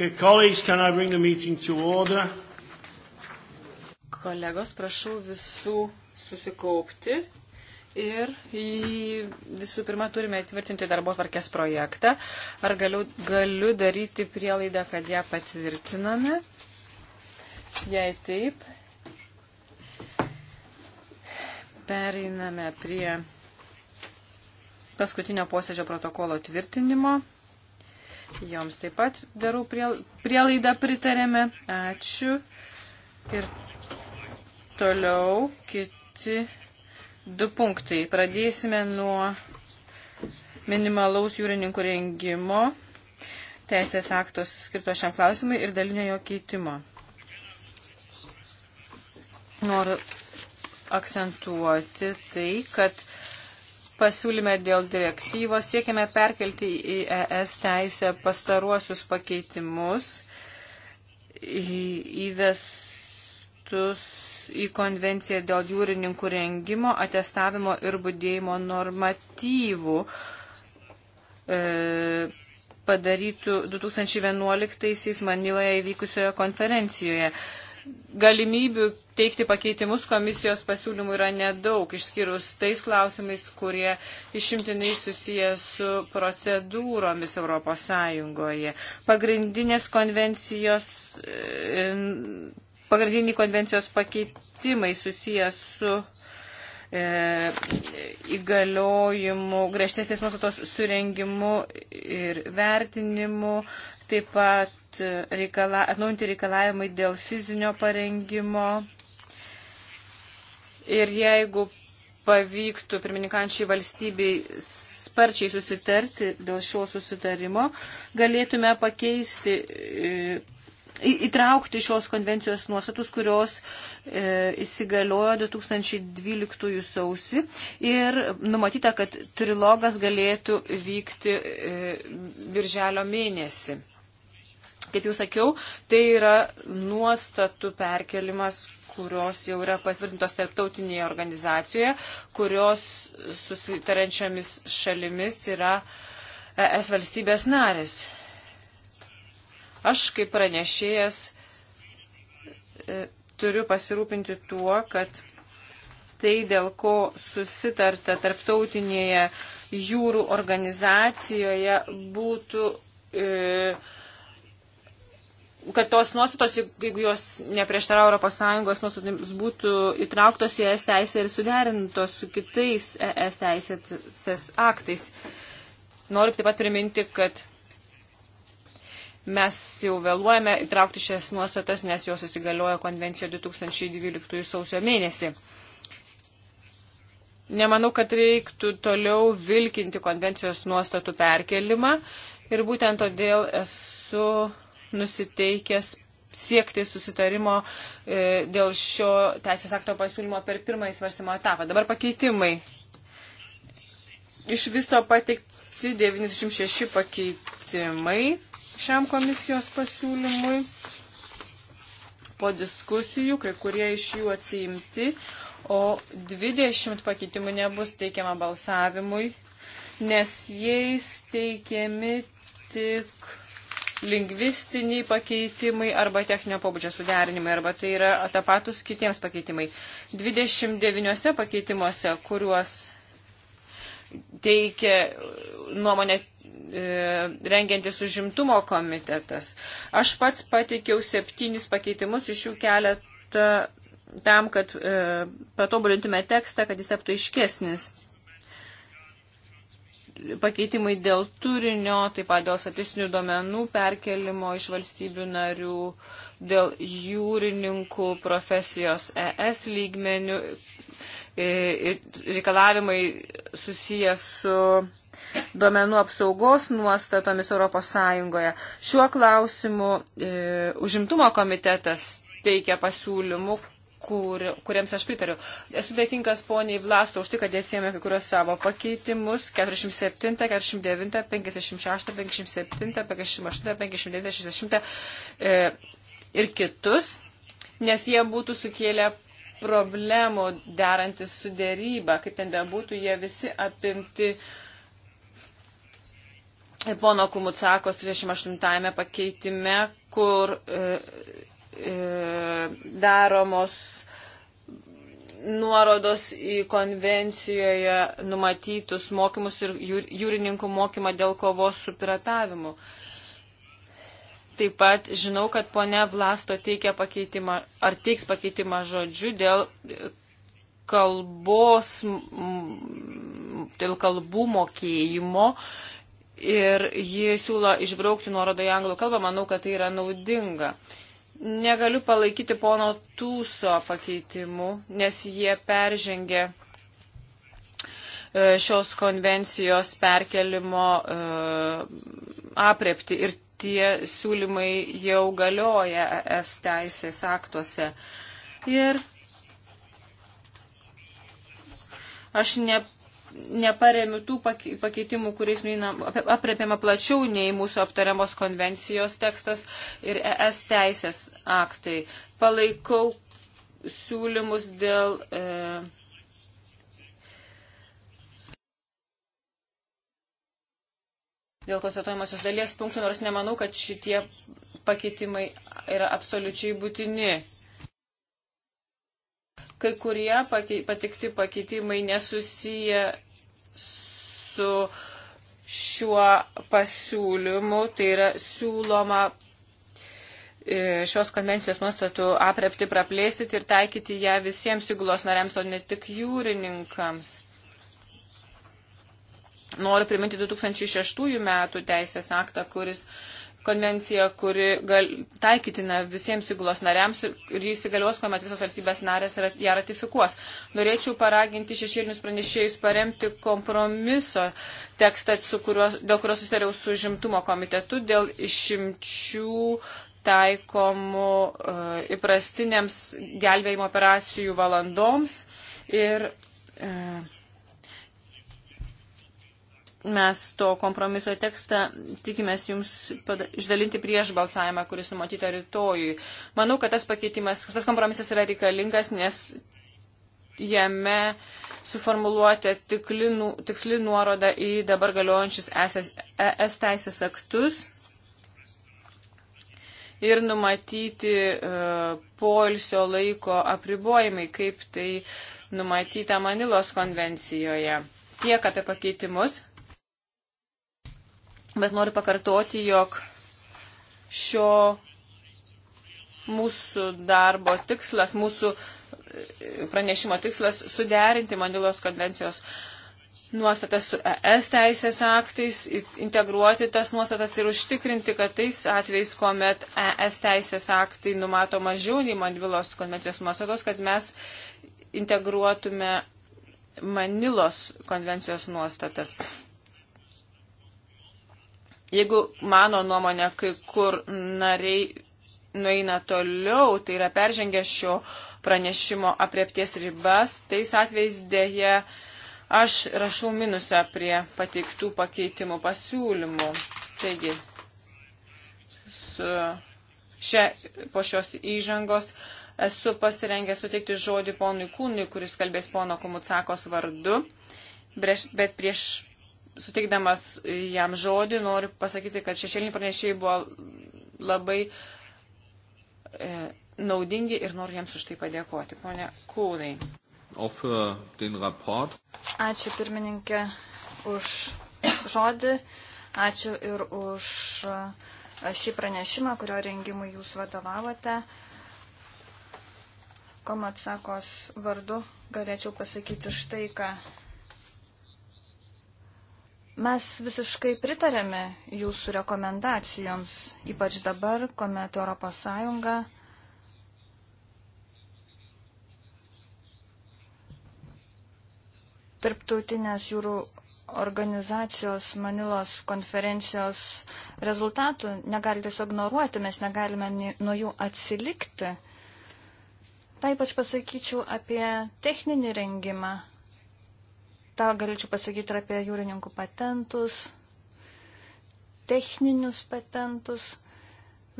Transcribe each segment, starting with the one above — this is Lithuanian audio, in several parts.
Okay, colleagues, can I bring the meeting to order? Kolegos, prašau visų susikaupti ir visų pirma turime įtvirtinti darbo tvarkės projektą. Ar galiu, galiu daryti prielaidą, kad ją patvirtiname? Jei taip, pereiname prie paskutinio posėdžio protokolo tvirtinimo. Joms taip pat darau prielaidą pritarėme. Ačiū. Ir toliau kiti du punktai. Pradėsime nuo minimalaus jūrininkų rengimo, teisės aktos skirto šiam klausimui ir dalinio jo keitimo. Noriu akcentuoti tai, kad pasiūlyme dėl direktyvos siekiame perkelti į ES teisę pastaruosius pakeitimus įvestus į konvenciją dėl jūrininkų rengimo, atestavimo ir būdėjimo normatyvų e, padarytų 2011-aisiais Maniloje įvykusioje konferencijoje. E, galimybių teikti pakeitimus komisijos pasiūlymų yra nedaug, išskyrus tais klausimais, kurie išimtinai susiję su procedūromis Europos Sąjungoje. Pagrindinės konvencijos, e, pagrindiniai konvencijos pakeitimai susiję su e, įgaliojimu, griežtesnės nuostatos surengimu ir vertinimu, taip pat kad reikala, atnaujinti reikalavimai dėl fizinio parengimo. Ir jeigu pavyktų pirmininkančiai valstybei sparčiai susitarti dėl šio susitarimo, galėtume pakeisti, e, įtraukti šios konvencijos nuostatus, kurios e, įsigaliojo 2012 sausi ir numatyta, kad trilogas galėtų vykti e, birželio mėnesį. Kaip jau sakiau, tai yra nuostatų perkelimas, kurios jau yra patvirtintos tarptautinėje organizacijoje, kurios susitarančiomis šalimis yra es valstybės narės. Aš kaip pranešėjas e, turiu pasirūpinti tuo, kad tai, dėl ko susitarta tarptautinėje jūrų organizacijoje, būtų e, kad tos nuostatos, jeigu jos neprieštara Europos Sąjungos nuostatoms, būtų įtrauktos į ES teisę ir suderintos su kitais ES teisės aktais. Noriu taip pat priminti, kad mes jau vėluojame įtraukti šias nuostatas, nes jos įsigaliojo konvencija 2012 sausio mėnesį. Nemanau, kad reiktų toliau vilkinti konvencijos nuostatų perkelimą ir būtent todėl esu nusiteikęs siekti susitarimo e, dėl šio teisės akto pasiūlymo per pirmąjį svarstymo etapą. Dabar pakeitimai. Iš viso pateikti 96 pakeitimai šiam komisijos pasiūlymui. Po diskusijų, kai kurie iš jų atsiimti, o 20 pakeitimų nebus teikiama balsavimui, nes jais teikiami tik lingvistiniai pakeitimai arba techninio pobūdžio suderinimai, arba tai yra atapatus kitiems pakeitimai. 29 pakeitimuose, kuriuos teikia nuomonė e, rengiantis užimtumo komitetas. Aš pats pateikiau septynis pakeitimus, iš jų keletą tam, kad e, patobulintume tekstą, kad jis taptų iškesnis pakeitimai dėl turinio, taip pat dėl statistinių duomenų perkelimo iš valstybių narių, dėl jūrininkų profesijos ES lygmenių, e, reikalavimai susijęs su duomenų apsaugos nuostatomis ES. Šiuo klausimu e, užimtumo komitetas teikia pasiūlymų, kur, kuriems aš pritariu. Esu dėkingas poniai Vlasto už tai, kad atsiemė kai kurios savo pakeitimus 47, 49, 56, 57, 58, 59, 60 e, ir kitus, nes jie būtų sukėlę problemų derantis su dėryba, kaip ten bebūtų, jie visi apimti pono Kumutsakos 38 pakeitime, kur e, E, daromos nuorodos į konvencijoje numatytus mokymus ir jūrininkų mokymą dėl kovos su piratavimu. Taip pat žinau, kad ponia Vlasto teikia pakeitimą, ar teiks pakeitimą žodžiu dėl kalbos, dėl kalbų mokėjimo ir ji siūlo išbraukti nuorodą į anglų kalbą. Manau, kad tai yra naudinga. Uh, Negaliu palaikyti pono Tūso pakeitimų, nes jie peržengė e, šios konvencijos perkelimo e, apriepti ir tie siūlymai jau galioja es teisės aktuose. Ir aš ne, neparemiu tų pakeitimų, kuriais apriepiama plačiau nei mūsų aptariamos konvencijos tekstas ir ES teisės aktai. Palaikau siūlymus dėl. E, Dėl konstatuojamosios dalies punktų, nors nemanau, kad šitie pakeitimai yra absoliučiai būtini. Kai kurie patikti pakeitimai nesusiję su šiuo pasiūlymu, tai yra siūloma e, šios konvencijos nuostatų aprepti praplėsti ir taikyti ją visiems įgulos nariams, o ne tik jūrininkams. Noriu priminti 2006 metų teisės aktą, kuris uh, konvencija, kuri gal, taikytina visiems įgulos nariams ir, ir jis įgalios, kuomet visos valstybės narės ją ratifikuos. Norėčiau paraginti šešėlinius pranešėjus paremti kompromiso tekstą, kurio, dėl kurio susitariau su žimtumo komitetu, dėl išimčių taikomų uh, e, įprastinėms gelbėjimo operacijų valandoms ir uh, mes to kompromiso tekstą tikimės jums išdalinti prieš balsavimą, kuris numatyta rytojui. Manau, kad tas pakeitimas, tas kompromisas yra reikalingas, nes jame suformuluoti nu, tiksli nuoroda į dabar galiojančius ES teisės aktus ir numatyti uh, poilsio laiko apribojimai, kaip tai numatyta Manilos konvencijoje. Tiek apie pakeitimus bet noriu pakartoti, jog šio mūsų darbo tikslas, mūsų e, pranešimo tikslas suderinti Manilos konvencijos nuostatas su ES teisės aktais, integruoti tas nuostatas ir užtikrinti, kad tais atvejais, kuomet ES teisės aktai numato mažiau nei Manilos konvencijos nuostatos, kad mes integruotume Manilos konvencijos nuostatas. Jeigu mano nuomonė, kai kur nariai nueina toliau, tai yra peržengę šio pranešimo apriepties ribas, tais atvejais dėje aš rašau minusą prie pateiktų pakeitimų pasiūlymų. Taigi, su šia, po šios įžangos esu pasirengęs suteikti žodį ponui Kūnui, kuris kalbės pono Kumutsakos vardu, bet prieš suteikdamas jam žodį, noriu pasakyti, kad šešėliniai pranešėjai buvo labai e, naudingi ir noriu jiems už tai padėkoti. Pone Kūnai. Äh, ačiū pirmininkė už žodį, ačiū ir už e, šį pranešimą, kurio rengimui jūs vadovavote. Komatsakos vardu galėčiau pasakyti štai ką. Mes visiškai pritarėme jūsų rekomendacijoms, ypač dabar, kuomet ES tarptautinės jūrų organizacijos Manilos konferencijos rezultatų negali tiesiog ignoruoti, mes negalime nuo jų atsilikti. Taip pat pasakyčiau apie techninį rengimą. Ta galėčiau pasakyti ir apie jūrininkų patentus, techninius patentus.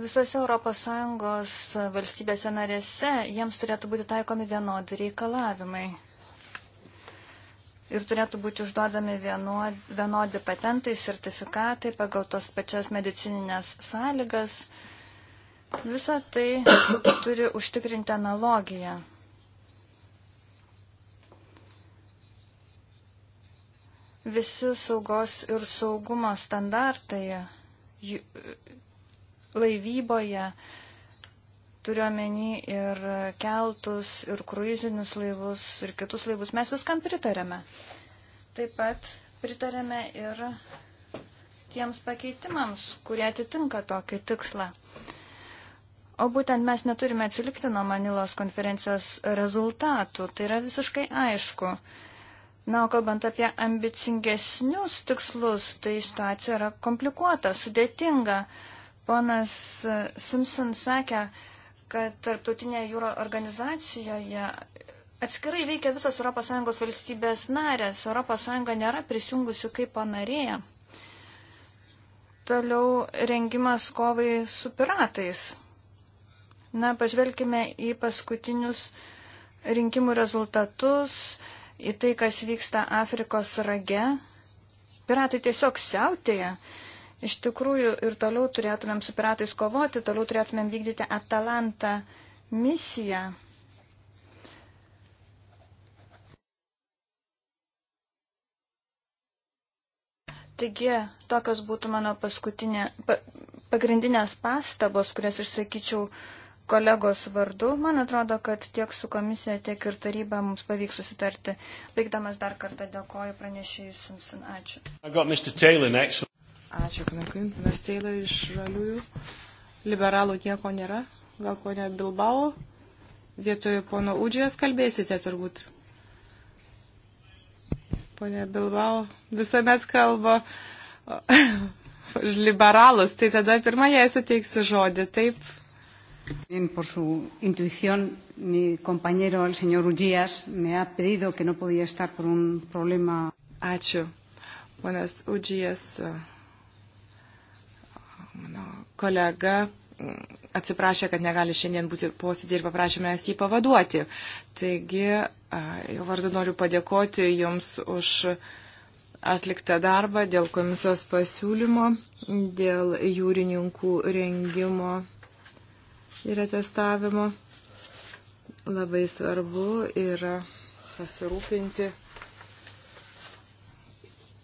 Visose ES valstybėse narėse jiems turėtų būti taikomi vienodi reikalavimai. Ir turėtų būti užduodami vienodi, vienodi patentai, sertifikatai pagal tos pačias medicininės sąlygas. Visa tai turi užtikrinti analogiją. Visi saugos ir saugumo standartai laivyboje, turiuomenį ir keltus, ir kruizinius laivus, ir kitus laivus, mes viskam pritarėme. Taip pat pritarėme ir tiems pakeitimams, kurie atitinka tokį tikslą. O būtent mes neturime atsilikti nuo Manilos konferencijos rezultatų, tai yra visiškai aišku. Na, o kalbant apie ambicingesnius tikslus, tai situacija yra komplikuota, sudėtinga. Ponas Simpson sakė, kad tarptautinėje jūro organizacijoje atskirai veikia visos ES valstybės narės. ES nėra prisijungusi kaip panarėja. Toliau rengimas kovai su piratais. Na, pažvelkime į paskutinius rinkimų rezultatus į tai, kas vyksta Afrikos rage. Piratai tiesiog siautėja. Iš tikrųjų ir toliau turėtumėm su piratais kovoti, toliau turėtumėm vykdyti Atalanta misiją. Taigi, tokios būtų mano paskutinė, pa, pagrindinės pastabos, kurias išsakyčiau kolegos vardu. Man atrodo, kad tiek su komisija, tiek ir taryba mums pavyks susitarti. Baigdamas dar kartą dėkoju pranešėjui Simpson. Ačiū. Taylor, Ačiū, Knakintinas Teilė iš Žaliųjų. Liberalų nieko nėra. Gal ponia Bilbao? Vietoje pono Udžijas kalbėsite turbūt. Ponia Bilbao visuomet kalba už liberalus, tai tada pirmąją suteiksiu žodį. Taip. Por su intuición, mi compañero, el señor Ullías, me ha pedido que no podía estar por un problema. Ačiū. Ponas Ullías, eh, mano kolega, mm, atsiprašė, kad negali šiandien būti posėdį ir paprašėme jį pavaduoti. Taigi, jo vardu noriu padėkoti Jums už atliktą darbą dėl komisijos pasiūlymo, dėl jūrininkų rengimo yra testavimo. Labai svarbu yra pasirūpinti,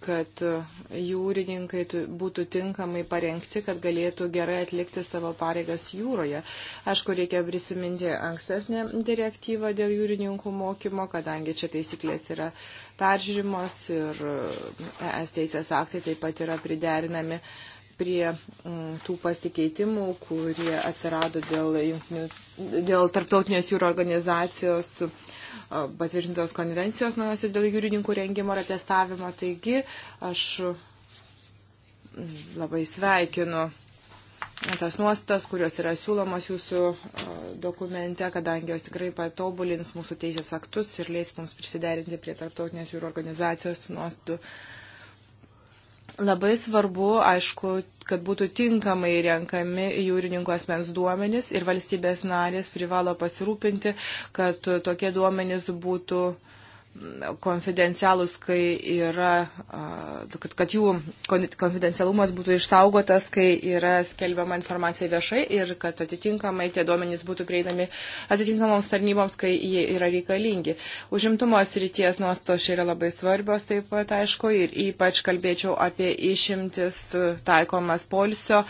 kad jūrininkai būtų tinkamai parengti, kad galėtų gerai atlikti savo pareigas jūroje. Aišku, reikia prisiminti ankstesnę direktyvą dėl jūrininkų mokymo, kadangi čia taisyklės yra peržiūrimos ir ES teisės aktai taip pat yra priderinami. Uh, prie mm, tų pasikeitimų, kurie atsirado dėl, dėl tarptautinės jūro organizacijos patvirtintos konvencijos naujosios dėl jūrininkų rengimo ir atestavimo. Taigi aš mm, labai sveikinu tas nuostas, kurios yra siūlomas jūsų dokumente, kadangi jos tikrai patobulins mūsų teisės aktus ir leis mums prisiderinti prie tarptautinės jūrų organizacijos nuostų. Uh, Labai svarbu, aišku, kad būtų tinkamai renkami jūrininkų asmens duomenys ir valstybės narės privalo pasirūpinti, kad tokie duomenys būtų konfidencialūs, kai yra, kad, kad jų konfidencialumas būtų išsaugotas, kai yra skelbiama informacija viešai ir kad atitinkamai tie duomenys būtų prieinami atitinkamoms tarnyboms, kai jie yra reikalingi. Užimtumo srities nuostos yra labai svarbios taip pat, aišku, ir ypač kalbėčiau apie išimtis taikomas polsio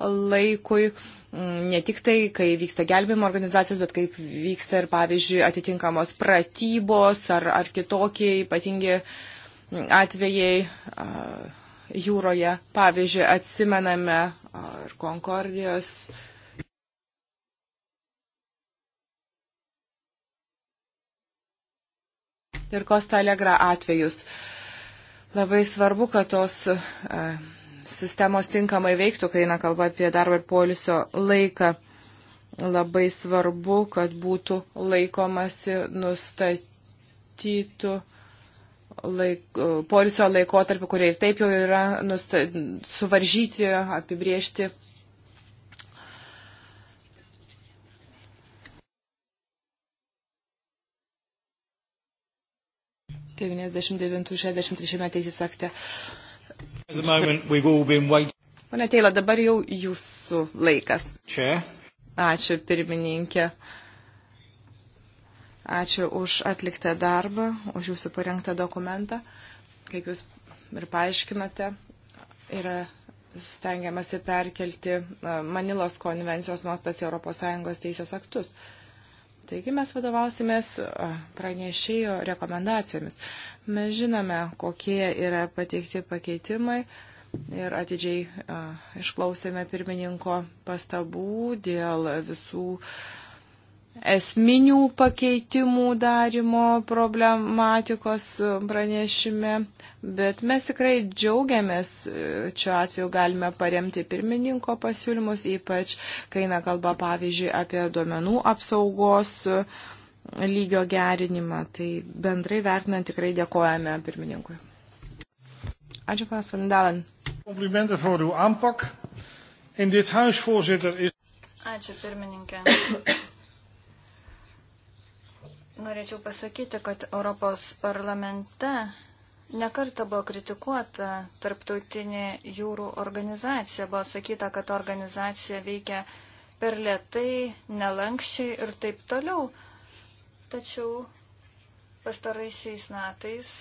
laikui ne tik tai, kai vyksta gelbėjimo organizacijos, bet kaip vyksta ir, pavyzdžiui, atitinkamos pratybos ar, ar kitokie ypatingi mm, atvejai jūroje. Pavyzdžiui, atsimename ir Konkordijos. Ir Kosta Alegra atvejus. Labai svarbu, kad tos uh, sistemos tinkamai veiktų, kai eina kalba apie darbą ir polisio laiką. Labai svarbu, kad būtų laikomasi nustatytų laik, polisio laikotarpį, kurie ir taip jau yra nusta, suvaržyti, apibriežti devyniasdešimt devintų šešiasdešimt trečiame teisės akte Pane Teila, dabar jau jūsų laikas. Čia. Ačiū, pirmininkė. Ačiū už atliktą darbą, už jūsų parengtą dokumentą. Kaip jūs ir paaiškinote, yra stengiamasi perkelti Manilos konvencijos nuostas į ES teisės aktus. Uh, Taigi mes vadovausimės pranešėjo rekomendacijomis. Mes žinome, kokie yra pateikti pakeitimai ir atidžiai išklausėme pirmininko pastabų dėl visų esminių pakeitimų darimo problematikos pranešime. Bet mes tikrai džiaugiamės, čia e, atveju galime paremti pirmininko pasiūlymus, ypač kai eina kalba, pavyzdžiui, apie duomenų apsaugos e, lygio gerinimą. Tai bendrai vertinant tikrai dėkojame pirmininkui. Ačiū, panas Vandalan. Komplimenten voor uw aanpak. In dit huis, voorzitter, is. Ačiū, pirmininkė. Norėčiau pasakyti, kad Europos parlamente Nekarta buvo kritikuota tarptautinė jūrų organizacija, buvo sakyta, kad organizacija veikia per lietai, nelankščiai ir taip toliau. Tačiau pastaraisiais metais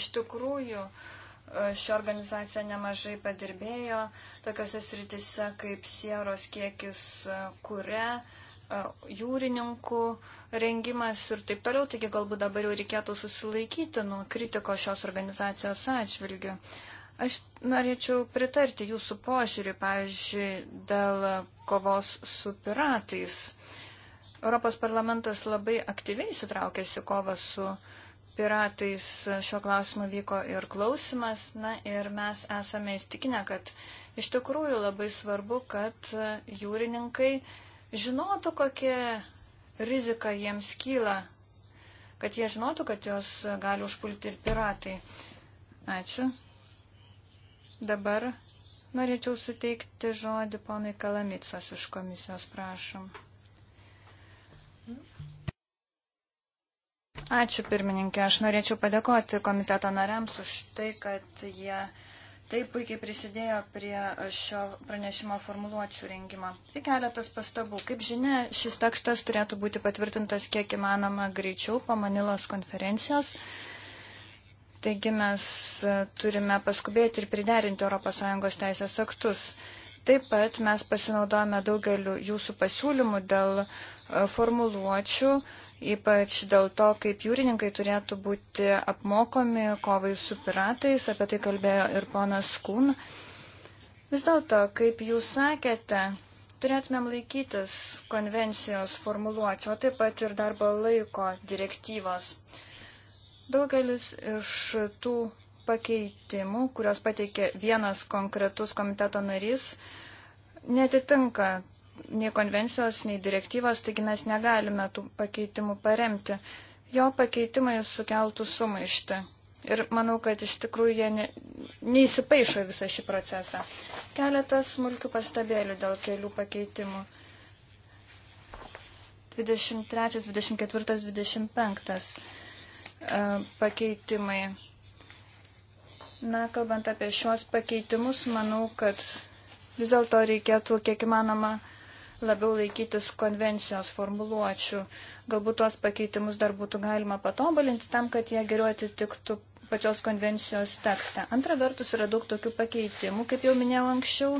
iš tikrųjų e, ši organizacija nemažai padirbėjo tokiose sritise kaip sieros kiekis e, kūre, E, jūrininkų rengimas ir taip toliau, taigi galbūt dabar jau reikėtų susilaikyti nuo kritiko šios organizacijos atžvilgių. Aš norėčiau pritarti jūsų požiūrį, pavyzdžiui, dėl kovos su piratais. Europos parlamentas labai aktyviai įsitraukėsi kovą su piratais. Šiuo klausimu vyko ir klausimas. Na ir mes esame įstikinę, kad iš tikrųjų labai svarbu, kad jūrininkai uh, žinotų, kokia rizika jiems kyla, kad jie žinotų, kad juos gali užpulti ir piratai. Ačiū. Dabar norėčiau suteikti žodį ponui Kalamicas iš komisijos, prašom. Ačiū pirmininkė, aš norėčiau padėkoti komiteto nariams už tai, kad jie Taip puikiai prisidėjo prie šio pranešimo formuluočių rengimo. Tai keletas pastabų. Kaip žinia, šis tekstas turėtų būti patvirtintas kiek įmanoma greičiau po Manilos konferencijos. Taigi mes turime paskubėti ir priderinti ES teisės aktus. Taip pat mes pasinaudojame daugeliu jūsų pasiūlymų dėl e, formuluočių ypač dėl to, kaip jūrininkai turėtų būti apmokomi kovai su piratais, apie tai kalbėjo ir ponas Kūn. Vis dėlto, kaip jūs sakėte, turėtumėm laikytis konvencijos formuluočio, taip pat ir darbo laiko direktyvos. Daugelis iš tų pakeitimų, kurios pateikė vienas konkretus komiteto narys, netitinka nei konvencijos, nei direktyvos, taigi mes negalime tų pakeitimų paremti. Jo pakeitimai sukeltų sumaištį. Ir manau, kad iš tikrųjų jie ne, neįsipaišo visą šį procesą. Keletas smulkių pastabėlių dėl kelių pakeitimų. 23, 24, 25 pakeitimai. Na, kalbant apie šios pakeitimus, manau, kad vis dėlto reikėtų kiek įmanoma labiau laikytis konvencijos formuluočių. Galbūt tuos pakeitimus dar būtų galima patobulinti tam, kad jie geriau atitiktų pačios konvencijos tekstą. Antra vertus yra daug tokių pakeitimų, kaip jau minėjau anksčiau.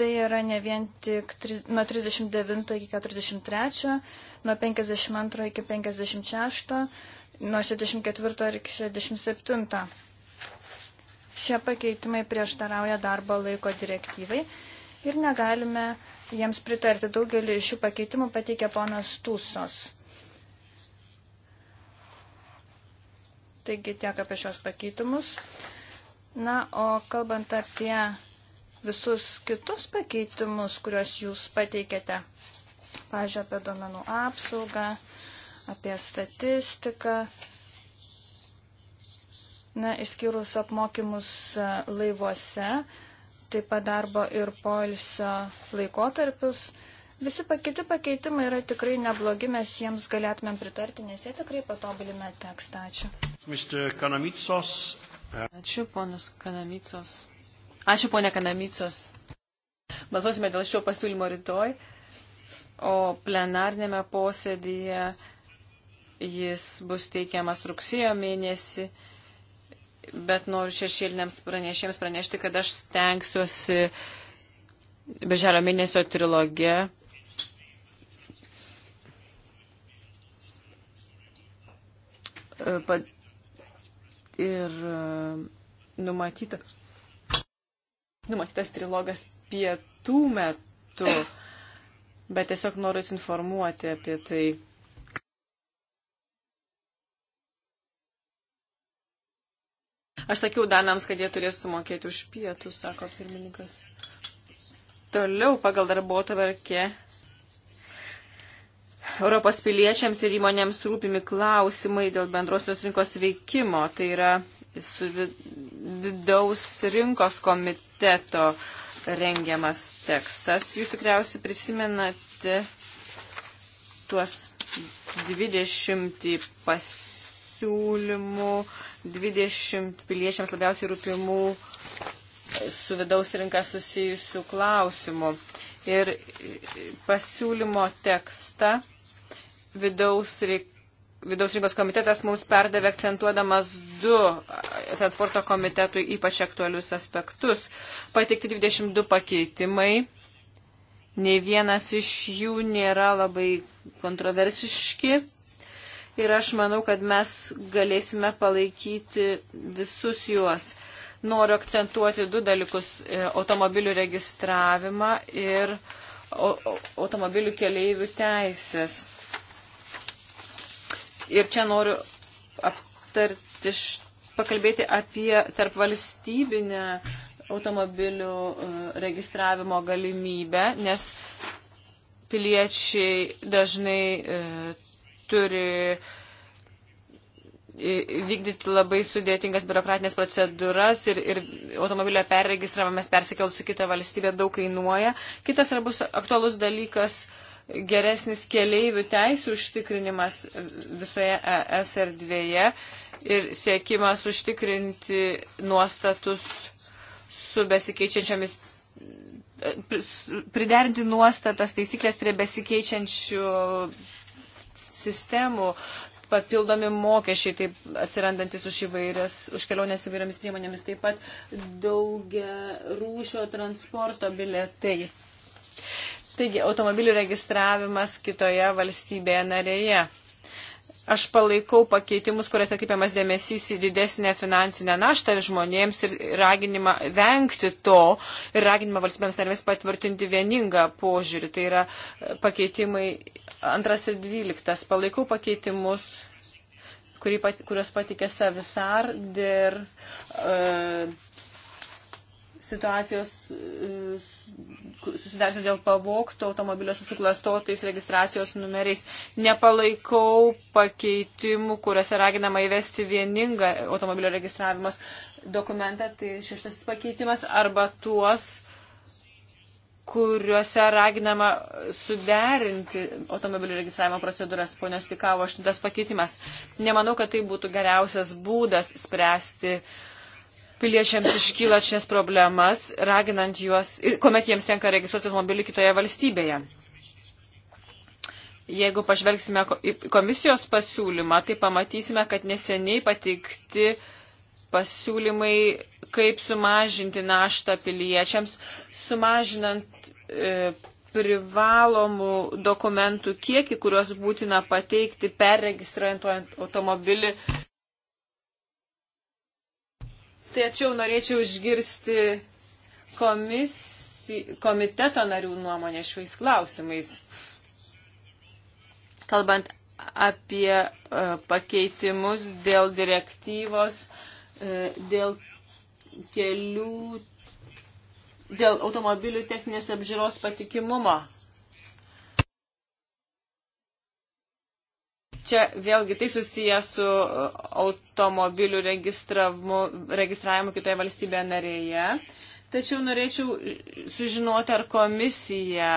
Tai yra ne vien tik nuo 39 iki 43, nuo 52 iki 56, nuo 64 iki 67 šie pakeitimai prieštarauja darbo laiko direktyvai ir negalime jiems pritarti. Daugelį šių pakeitimų pateikė ponas Tūsos. Taigi tiek apie šios pakeitimus. Na, o kalbant apie visus kitus pakeitimus, kuriuos jūs pateikėte, pažiūrėjau, apie duomenų apsaugą, apie statistiką, na, išskyrus apmokymus laivuose, taip pat darbo ir poilsio laikotarpius. Visi pakiti pakeitimai yra tikrai neblogi, mes jiems galėtumėm pritarti, nes jie tikrai patobulina tekstą. Ačiū. Ačiū, ponas Kanamicos. Ačiū, ponė Kanamicos. Balsuosime dėl šio pasiūlymo rytoj, o plenarnėme posėdėje jis bus teikiamas rugsėjo mėnesį bet noriu šešėliniams pranešėjams pranešti, kad aš stengsiuosi beželio mėnesio trilogė. E, ir e, numatyta, numatytas trilogas pietų metu, bet tiesiog noriu informuoti apie tai. Aš sakiau Danams, kad jie turės sumokėti už pietus, sako pirmininkas. Toliau pagal darbo tvarkė. Europos piliečiams ir įmonėms rūpimi klausimai dėl bendrosios rinkos veikimo. Tai yra su vidaus rinkos komiteto rengiamas tekstas. Jūs tikriausiai prisimenate tuos 20 pasiūlymų 20 piliečiams labiausiai rūpimų su vidaus rinka susijusių klausimų. Ir pasiūlymo tekstą vidaus, reik, vidaus rinkos komitetas mums perdavė akcentuodamas du transporto komitetui ypač aktualius aspektus. Pateikti 22 pakeitimai. Ne vienas iš jų nėra labai kontroversiški ir aš manau, kad mes galėsime palaikyti visus juos. Noriu akcentuoti du dalykus e, - automobilių registravimą ir automobilių keleivių teisės. Ir čia noriu aptarti, pakalbėti apie tarp valstybinę automobilių e, registravimo galimybę, nes piliečiai dažnai e, turi vykdyti labai sudėtingas biurokratinės procedūras ir, ir automobilio perregistravimas persikeltų į kitą valstybę daug kainuoja. Kitas svarbus aktualus dalykas - geresnis keleivių teisų užtikrinimas visoje ES erdvėje ir siekimas užtikrinti nuostatus su besikeičiančiomis e, priderinti nuostatas, taisyklės prie besikeičiančių sistemų, papildomi mokesčiai, taip atsirandantis už, įvairias, už kelionės įvairiomis priemonėmis, taip pat daugia rūšio transporto biletai. Taigi, automobilių registravimas kitoje valstybėje narėje. Aš palaikau pakeitimus, kuriuose atkreipiamas dėmesys į didesnę finansinę naštą žmonėms ir raginimą vengti to ir raginimą valstybėms narėms patvirtinti vieningą požiūrį. Tai yra e, pakeitimai antras ir dvyliktas. Palaikau pakeitimus kuriuos patikė Savisar ir uh, e, situacijos e, susidariusios dėl pavokto automobilio susiklastotais registracijos numeriais. Nepalaikau pakeitimų, kuriuose raginama įvesti vieningą automobilio registravimos dokumentą, tai šeštasis pakeitimas, arba tuos, kuriuose raginama suderinti automobilių registravimo procedūras, ponios Tikavo, aštuntas pakeitimas. Nemanau, kad tai būtų geriausias būdas spręsti uh, piliečiams iškyla šias problemas, raginant juos, kuomet jiems tenka registruoti automobilį kitoje valstybėje. Jeigu pažvelgsime į komisijos pasiūlymą, tai pamatysime, kad neseniai patikti pasiūlymai, kaip sumažinti naštą piliečiams, sumažinant e, privalomų dokumentų kiekį, kuriuos būtina pateikti perregistruojant automobilį Tačiau norėčiau išgirsti komisi, komiteto narių nuomonę šiais klausimais. Kalbant apie uh, pakeitimus dėl direktyvos, uh, dėl kelių, dėl automobilių techninės apžiūros patikimumo. Čia vėlgi tai susiję su uh, automobilių registravimu kitoje valstybėje narėje. Tačiau norėčiau uh, sužinoti, ar komisija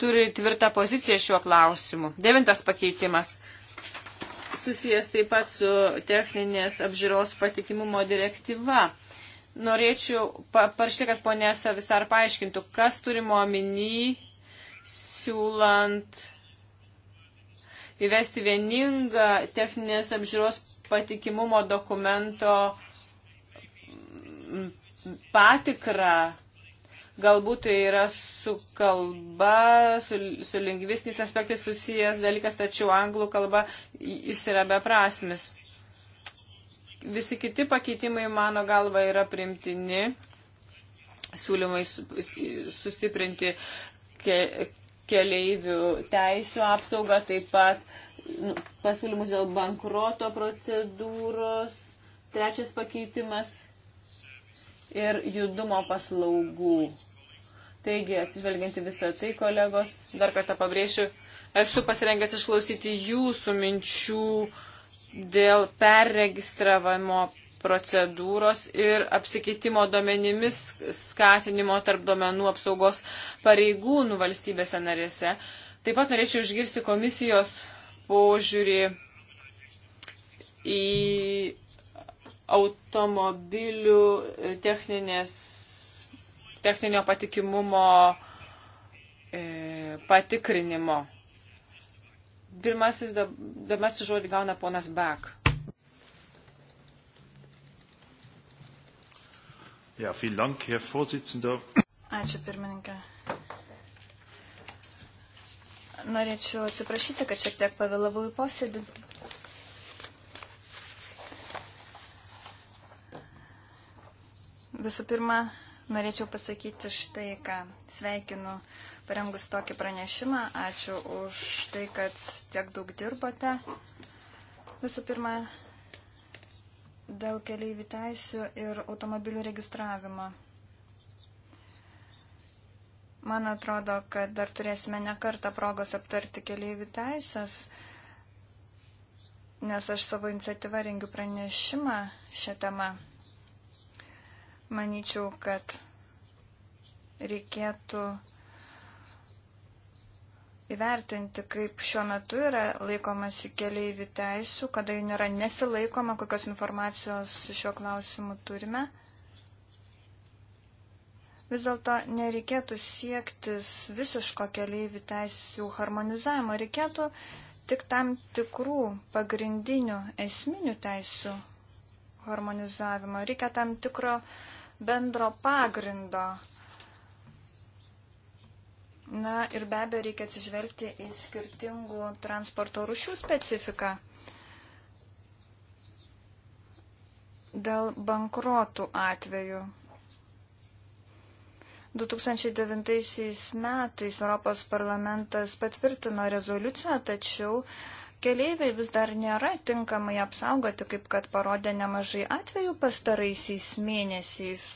turi tvirtą poziciją šiuo klausimu. Devintas pakeitimas susijęs taip pat su techninės apžiūros patikimumo direktyva. Norėčiau parašyti, kad ponė Savisar paaiškintų, kas turimo omeny siūlant įvesti vieningą techninės apžiūros patikimumo dokumento patikrą. Galbūt tai yra su kalba, su, su lingvistiniais aspektais susijęs dalykas, tačiau anglų kalba jis yra beprasmis. Visi kiti pakeitimai, mano galva, yra primtini siūlymai sustiprinti keleivių teisų apsaugą, taip pat nu, pasiūlymus dėl bankroto procedūros, trečias pakeitimas ir judumo paslaugų. Taigi, atsižvelgianti visą tai, kolegos, dar kartą pabrėšiu, esu pasirengęs išklausyti jūsų minčių dėl perregistravimo procedūros ir apsikeitimo duomenimis skatinimo tarp duomenų apsaugos pareigūnų valstybėse narėse. Taip pat norėčiau išgirsti komisijos požiūrį į automobilių techninės, techninio patikimumo e, patikrinimo. Pirmasis, pirmasis žodį gauna ponas Bek. Ja, vielen Dank, Herr Vorsitzender. Ačiū, pirmininkė. Norėčiau atsiprašyti, kad šiek tiek pavėlavau į posėdį. Visų pirma, norėčiau pasakyti štai ką. Sveikinu parengus tokį pranešimą. Ačiū už tai, kad tiek daug dirbote. Visų pirma, dėl keleivių teisų ir automobilių registravimo. Man atrodo, kad dar turėsime nekartą progos aptarti keleivių teisės, nes aš savo iniciatyvą rengiu pranešimą šią temą. Manyčiau, kad reikėtų įvertinti, kaip šiuo metu yra laikomasi keleivių teisų, kada jų nėra nesilaikoma, kokios informacijos šiuo klausimu turime. Vis dėlto nereikėtų siektis visiško keleivių teisų harmonizavimo, reikėtų tik tam tikrų pagrindinių esminių teisų harmonizavimo, reikia tam tikro bendro pagrindo Na ir be abejo reikia atsižvelgti į skirtingų transporto rušių specifiką. Dėl bankrotų atveju. 2009 metais Europos parlamentas patvirtino rezoliuciją, tačiau keleiviai vis dar nėra tinkamai apsaugoti, kaip kad parodė nemažai atvejų pastaraisiais mėnesiais.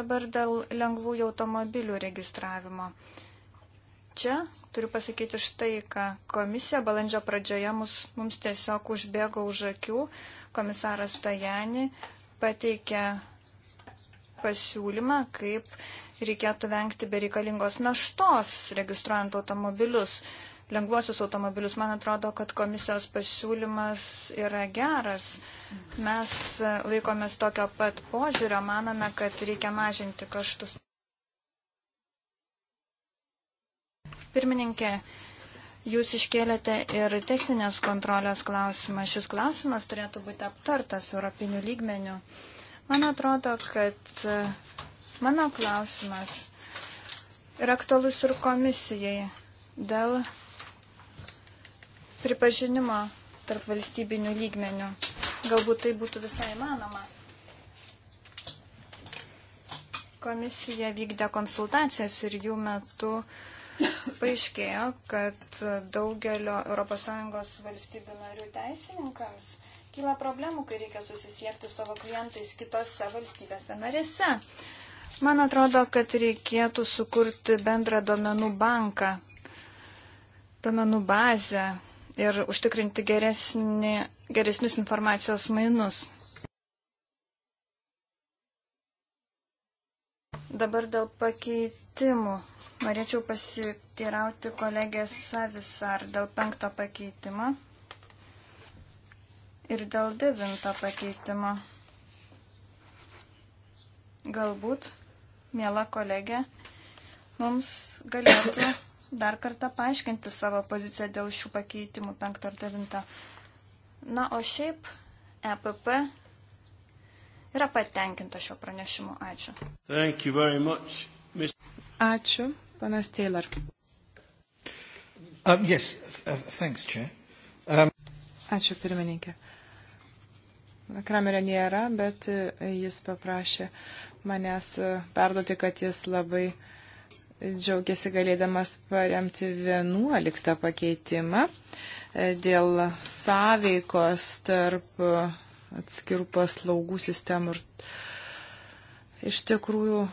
Dabar dėl lengvųjų automobilių registravimo čia turiu pasakyti štai, ką komisija balandžio pradžioje mus, mums tiesiog užbėgo už akių. Komisaras Tajani pateikė pasiūlymą, kaip reikėtų vengti bereikalingos naštos registruojant automobilius, lengvuosius automobilius. Man atrodo, kad komisijos pasiūlymas yra geras. Mes laikomės tokio pat požiūrio, manome, kad reikia mažinti kaštus. pirmininkė, jūs iškėlėte ir techninės kontrolės klausimą. Šis klausimas turėtų būti aptartas europinių lygmenių. Man atrodo, kad e, mano klausimas yra aktualus ir komisijai dėl pripažinimo tarp valstybinių lygmenių. Galbūt tai būtų visai įmanoma. Komisija vykdė konsultacijas ir jų metu paaiškėjo, kad daugelio ES valstybių narių teisininkams kyla problemų, kai reikia susisiekti savo klientais kitose valstybėse narėse. Man atrodo, kad reikėtų sukurti bendrą domenų banką, domenų bazę ir užtikrinti geresnį, geresnius informacijos mainus. Dabar dėl pakeitimų. Norėčiau pasiteirauti kolegės Savisar dėl penkto pakeitimo ir dėl devinto pakeitimo. Galbūt, mėla kolegė, mums galėtų dar kartą paaiškinti savo poziciją dėl šių pakeitimų penkto ir devinto. Na, o šiaip EPP yra patenkinta šio pranešimu. Ačiū. Much, Ms... Ačiū, panas Taylor. Um, yes, uh, thanks, Chair. Um... Ačiū, pirmininkė. Kramerio nėra, bet uh, jis paprašė manęs uh, perduoti, kad jis labai džiaugiasi galėdamas paremti 11 pakeitimą dėl sąveikos tarp atskirų paslaugų sistemų. Ir iš tikrųjų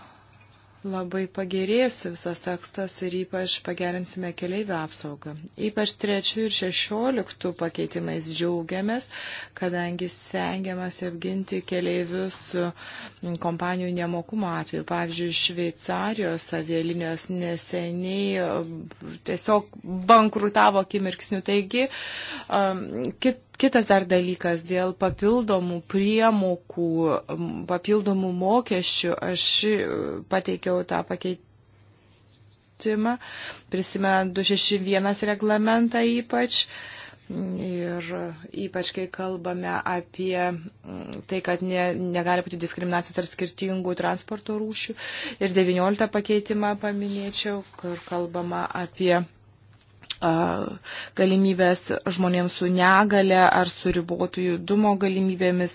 labai pagerės visas tekstas ir ypač pagerinsime keliaivių apsaugą. Ypač trečių ir šešioliktų pakeitimais džiaugiamės, kadangi stengiamas apginti keliaivius kompanijų nemokumo atveju. Pavyzdžiui, Šveicarijos avialinijos neseniai um, tiesiog bankrutavo akimirksniu. Taigi, um, kit, Kitas dar dalykas dėl papildomų priemokų, papildomų mokesčių. Aš e, pateikiau tą pakeitimą, prisimenu 261 reglamentą ypač. Ir e, ypač, kai kalbame apie tai, kad ne, negali būti diskriminacijos tarp skirtingų transporto rūšių. Ir 19 pakeitimą paminėčiau, kur kalbama apie galimybės žmonėms su negale ar su ribotų judumo galimybėmis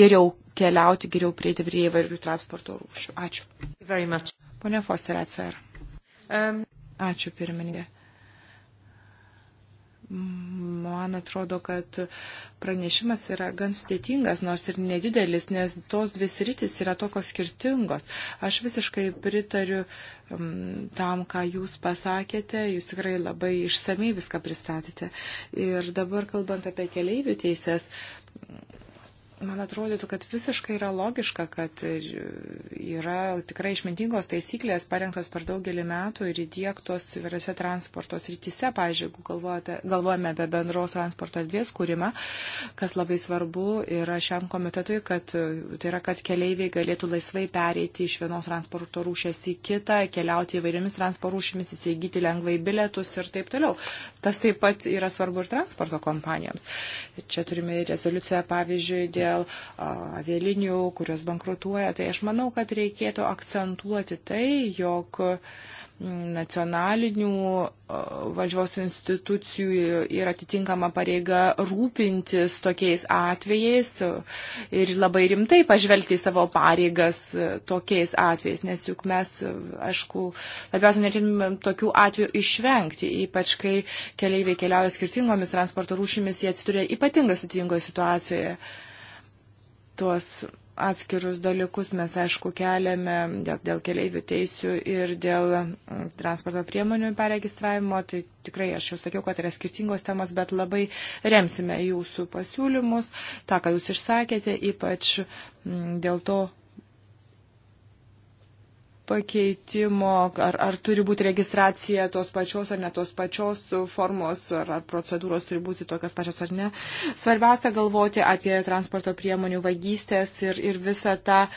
geriau keliauti, geriau prieiti prie įvairių transporto rūšių. Ačiū. Pone Foster, atsar. Um. Ačiū, pirmininkė. Man atrodo, kad pranešimas yra gan sudėtingas, nors ir nedidelis, nes tos dvi sritis yra tokios skirtingos. Aš visiškai pritariu um, tam, ką jūs pasakėte, jūs tikrai labai išsamei viską pristatėte. Ir dabar, kalbant apie keleivių teises, um, man atrodytų, kad visiškai yra logiška, kad yra tikrai išmintingos taisyklės parengtos per daugelį metų ir įdėktos įvairiose transporto srityse. Pavyzdžiui, jeigu galvojame apie bendros transporto erdvės kūrimą, kas labai svarbu yra šiam komitetui, kad tai yra, kad keleiviai galėtų laisvai pereiti iš vienos transporto rūšės į kitą, keliauti įvairiomis transporto rūšimis, įsigyti lengvai bilietus ir taip toliau. Tas taip pat yra svarbu ir transporto kompanijoms. Čia turime rezoliuciją, pavyzdžiui, dėl dėl avialinių, kurios bankrutuoja. Tai aš manau, kad reikėtų akcentuoti tai, jog nacionalinių valdžios institucijų yra atitinkama pareiga rūpintis tokiais atvejais ir labai rimtai pažvelgti į savo pareigas tokiais atvejais, nes juk mes, aišku, labiausiai nerimėm tokių atvejų išvengti, ypač kai keliaiviai keliauja skirtingomis transporto rūšimis, jie atsiduria ypatingai sudėtingoje situacijoje. Uh, tuos atskirus dalykus mes, aišku, keliame dėl, dėl keliaivių teisių ir dėl mm, transporto priemonių peregistravimo. Tai tikrai aš jau sakiau, kad yra skirtingos temos, bet labai remsime jūsų pasiūlymus, tą, ką jūs išsakėte, ypač mm, dėl to pakeitimo, ar, ar turi būti registracija tos pačios ar ne tos pačios formos, ar, ar procedūros turi būti tokios pačios ar ne. Svarbiausia galvoti apie transporto priemonių vagystės ir, ir visą tą m,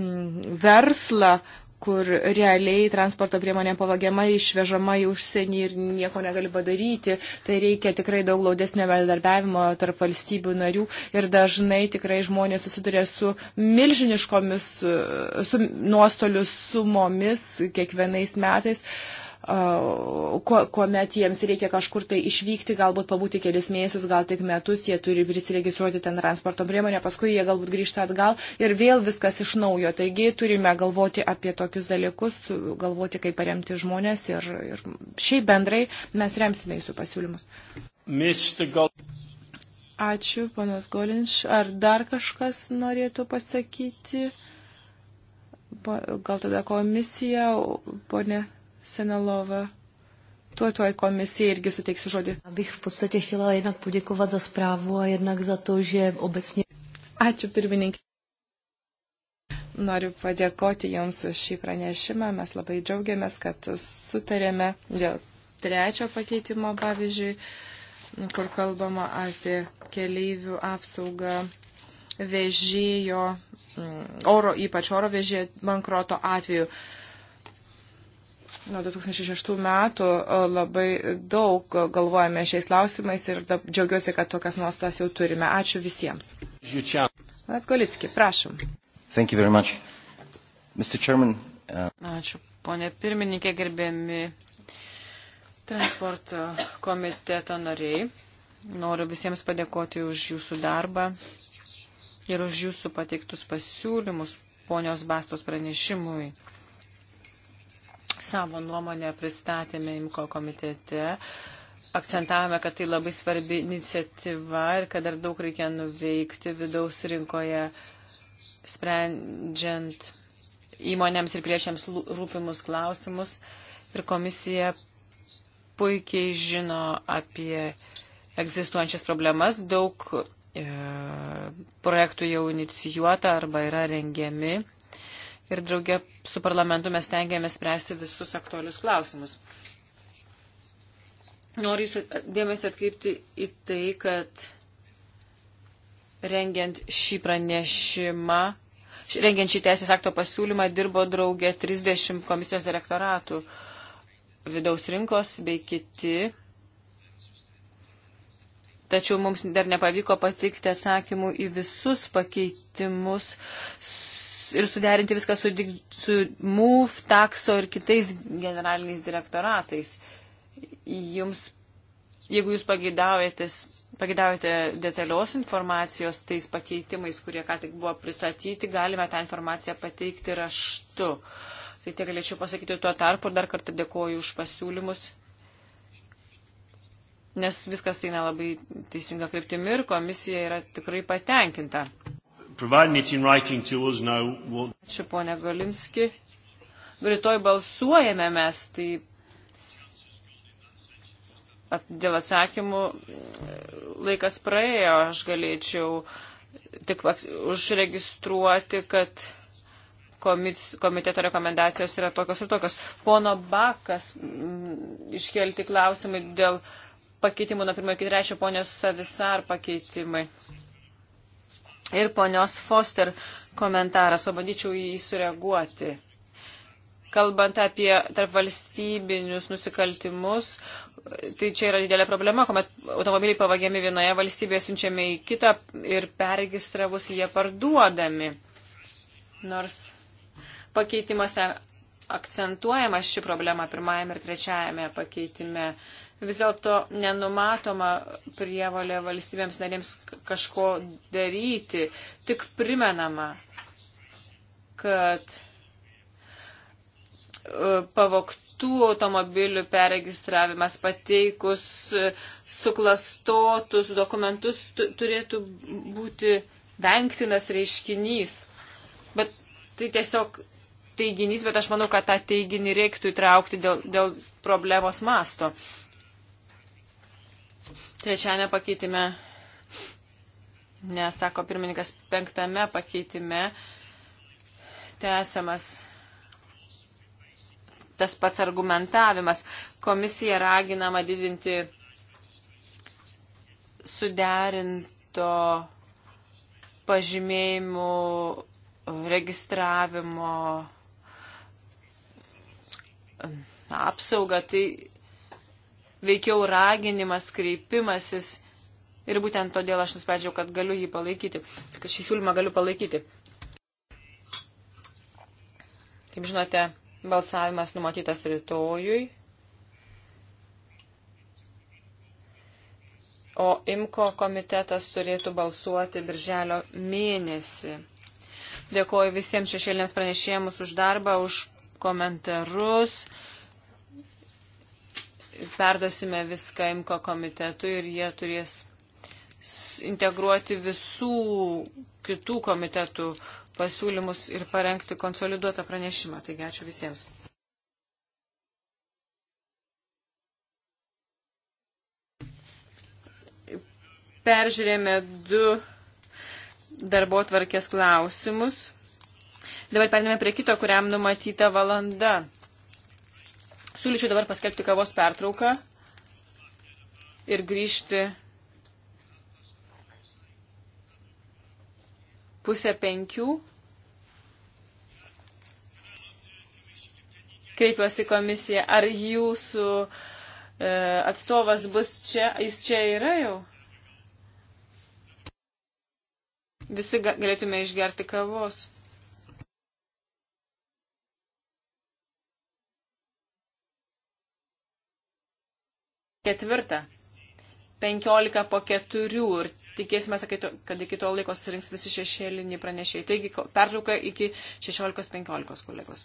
mm, verslą, kur realiai transporto priemonė pavagiama, išvežama į užsienį ir nieko negali padaryti. Tai reikia tikrai daug glaudesnio bendradarbiavimo tarp valstybių narių ir dažnai tikrai žmonės susiduria su milžiniškomis su nuostolių sumomis kiekvienais metais. Uh, kuomet jiems reikia kažkur tai išvykti, galbūt pabūti kelis mėnesius, gal tik metus, jie turi prisiregistruoti ten transporto priemonę, paskui jie galbūt grįžta atgal ir vėl viskas iš naujo. Taigi turime galvoti apie tokius dalykus, galvoti, kaip paremti žmonės ir, ir šiaip bendrai mes remsime jūsų pasiūlymus. Ačiū, panas Golinš. Ar dar kažkas norėtų pasakyti? Gal tada komisija, ponė Senelova. Tuo tuoj komisijai irgi suteiksiu žodį. Abych v podstatě chtěla jednak poděkovat za zprávu a jednak za to, že obecně. Ačiū pirmininkė. Noriu padėkoti Jums už šį pranešimą. Mes labai džiaugiamės, kad sutarėme dėl trečio pakeitimo, pavyzdžiui, kur kalbama apie keleivių apsaugą vežėjo, mm, oro, ypač oro vežėjo bankroto atveju. Nuo 2006 metų e, labai daug galvojame šiais klausimais ir džiaugiuosi, kad tokias nuostas jau turime. Ačiū visiems. Žiūrėjau. Vas Golicki, prašom. Thank you very much. Mr. Chairman. Uh... Ačiū. Pone pirmininkė, gerbėmi transporto komiteto nariai. Noriu visiems padėkoti už jūsų darbą ir už jūsų pateiktus pasiūlymus ponios Bastos pranešimui savo nuomonę pristatėme IMKO komitete. Akcentavome, kad tai labai svarbi iniciatyva ir kad dar daug reikia nuveikti vidaus rinkoje, sprendžiant įmonėms ir priešiams rūpimus klausimus. Ir komisija puikiai žino apie egzistuojančias problemas. Daug e, projektų jau inicijuota arba yra rengiami ir draugė su parlamentu mes tengiamės spręsti visus aktualius klausimus. Noriu jūs dėmesį atkreipti į tai, kad rengiant šį pranešimą, rengiant šį teisės akto pasiūlymą dirbo draugė 30 komisijos direktoratų vidaus rinkos bei kiti. Tačiau mums dar nepavyko patikti atsakymų į visus pakeitimus ir suderinti viską su, su MUF, takso ir kitais generaliniais direktoratais. Jums, jeigu jūs pagėdaujate detalios informacijos tais pakeitimais, kurie ką tik buvo pristatyti, galime tą informaciją pateikti raštu. Tai tie galėčiau pasakyti tuo tarpu ir dar kartą dėkoju už pasiūlymus nes viskas eina labai teisinga kryptimi ir komisija yra tikrai patenkinta. What... Ačiū ponia Golinski. Rytoj balsuojame mes, tai at, dėl atsakymų e, laikas praėjo, aš galėčiau tik užregistruoti, kad komis, komiteto rekomendacijos yra tokios ir tokios. Pono Bakas m, mm, iškelti klausimai dėl pakeitimų nuo pirmo iki trečio ponios Savisar pakeitimai ir ponios Foster komentaras, pabandyčiau jį sureaguoti. Kalbant apie tarp valstybinius nusikaltimus, tai čia yra didelė problema, kuomet automobiliai pavagiami vienoje valstybėje, siunčiami į kitą ir perregistravus jie parduodami. Nors pakeitimuose akcentuojama ši problema pirmajame ir trečiajame pakeitime. Uh, vis dėlto nenumatoma prievalė valstybėms narėms kažko daryti, tik primenama, kad e, pavoktų automobilių peregistravimas pateikus e, suklastotus dokumentus turėtų būti vengtinas reiškinys. Bet tai tiesiog teiginys, bet aš manau, kad tą teiginį reiktų įtraukti dėl, dėl problemos masto. Trečiame pakeitime, nesako pirmininkas, penktame pakeitime tęsiamas tas pats argumentavimas. Komisija raginama didinti suderinto pažymėjimų registravimo apsaugą. Tai veikiau raginimas, kreipimasis. Ir būtent todėl aš nusprendžiau, kad galiu jį palaikyti, kad šį siūlymą galiu palaikyti. Kaip žinote, balsavimas numatytas rytojui. O IMKO komitetas turėtų balsuoti birželio mėnesį. Dėkoju visiems šešėlėms pranešėjams už darbą, už komentarus perdosime viską imko komitetui ir jie turės integruoti visų kitų komitetų pasiūlymus ir parengti konsoliduotą pranešimą. Taigi ačiū visiems. Peržiūrėjome du darbo tvarkės klausimus. Dabar perėmėme prie kito, kuriam numatyta valanda. Siūlyčiau dabar paskelbti kavos pertrauką ir grįžti pusę penkių. Kreipiuosi komisiją, ar jūsų e, atstovas bus čia, jis čia yra jau? Visi galėtume išgerti kavos. Ketvirta. 15 po 4 ir tikėsime, kad iki to laiko surinks visi šešėliniai pranešiai. Taigi pertrauka iki 16.15 kolegos.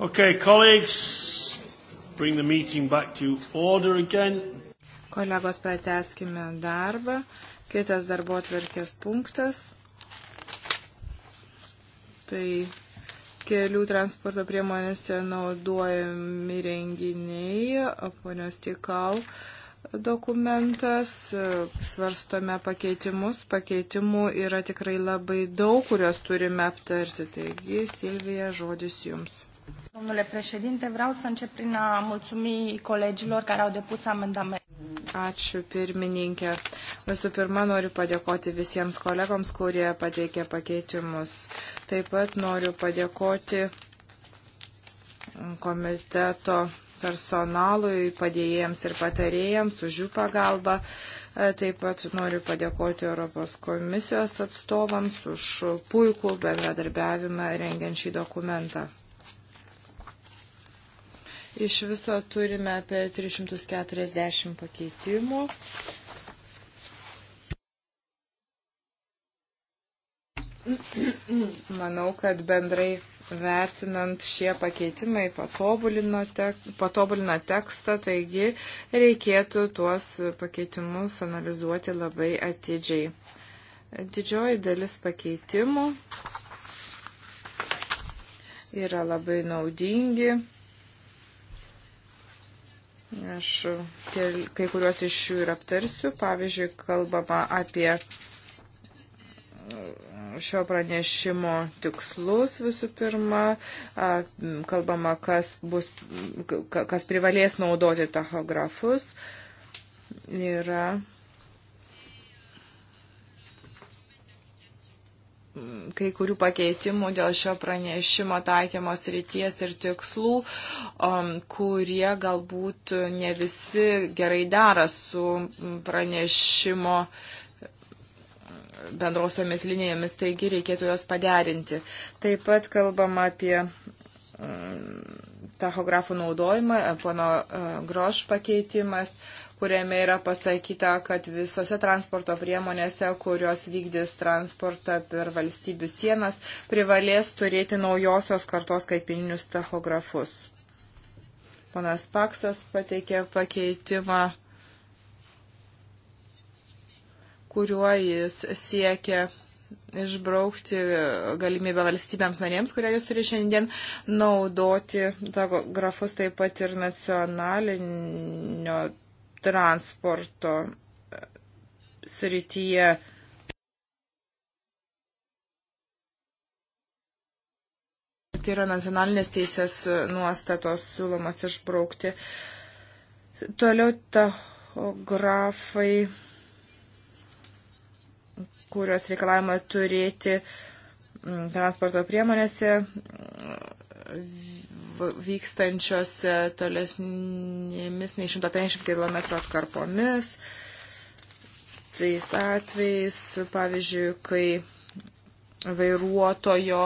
Okay, colleagues, bring the meeting back to order again. Kolegos, prateskime darbą. Kitas darbo atverkės punktas. Tai kelių transporto priemonėse naudojami renginiai, ponios tikau dokumentas, svarstome pakeitimus, pakeitimų yra tikrai labai daug, kuriuos turime aptarti. Taigi, Silvija, žodis jums. Domnule președinte, vreau să încep prin a mulțumi colegilor care au depus amendamente. Ačiū pirmininkė. Visų pirma, noriu padėkoti visiems kolegoms, kurie pateikė pakeitimus. Taip pat noriu padėkoti komiteto personalui, padėjėjams ir patarėjams už jų pagalbą. Taip pat noriu padėkoti Europos komisijos atstovams už puikų bendradarbiavimą rengiant šį dokumentą. Iš viso turime apie 340 pakeitimų. Manau, kad bendrai vertinant šie pakeitimai tek, patobulino tekstą, taigi reikėtų tuos pakeitimus analizuoti labai atidžiai. Didžioji dalis pakeitimų yra labai naudingi Aš kai kuriuos iš jų ir aptarsiu. Pavyzdžiui, kalbama apie mm, šio pranešimo tikslus visų pirma, kalbama, kas, bus, kas privalės naudoti tachografus. Yra kai kurių pakeitimų dėl šio pranešimo taikymos ryties ir tikslų, um, kurie galbūt ne visi gerai dera su mm, pranešimo mm, bendrosiomis linijomis, taigi reikėtų jos paderinti. Taip pat kalbam apie mm, tachografų naudojimą, pono e, grož pakeitimas, kuriame yra pasakyta, kad visose transporto priemonėse, kurios vykdys transportą per valstybių sienas, privalės turėti naujosios kartos skaitmininius tachografus. Panas Paksas pateikė pakeitimą, kuriuo jis siekia išbraukti galimybę valstybėms narėms, kurie jūs turi šiandien naudoti grafus taip pat ir nacionalinio transporto e, srityje. Tai yra nacionalinės teisės e, nuostatos siūlomas išbraukti. Toliau tachografai, kurios reikalavimą turėti transporto priemonėse vykstančiose tolesnėmis nei 150 km atkarpomis. Tais atvejais, pavyzdžiui, kai vairuotojo,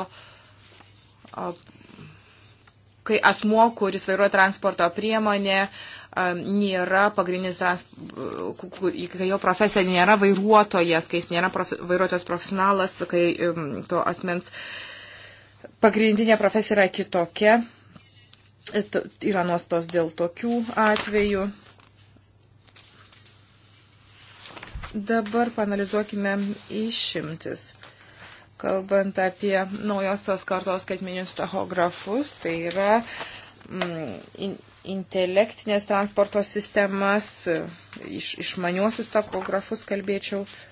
kai asmo, kuris vairuoja transporto priemonę, nėra pagrindinis, trans, kai jo profesija nėra vairuotojas, kai jis nėra profe, vairuotojas profesionalas, kai to asmens pagrindinė profesija yra kitokia yra nuostos dėl tokių atvejų. Dabar panalizuokime išimtis. Kalbant apie naujosios kartos skaitminius tachografus, tai yra mm, in, intelektinės transporto sistemas, iš, išmaniuosius tachografus kalbėčiau. Mm,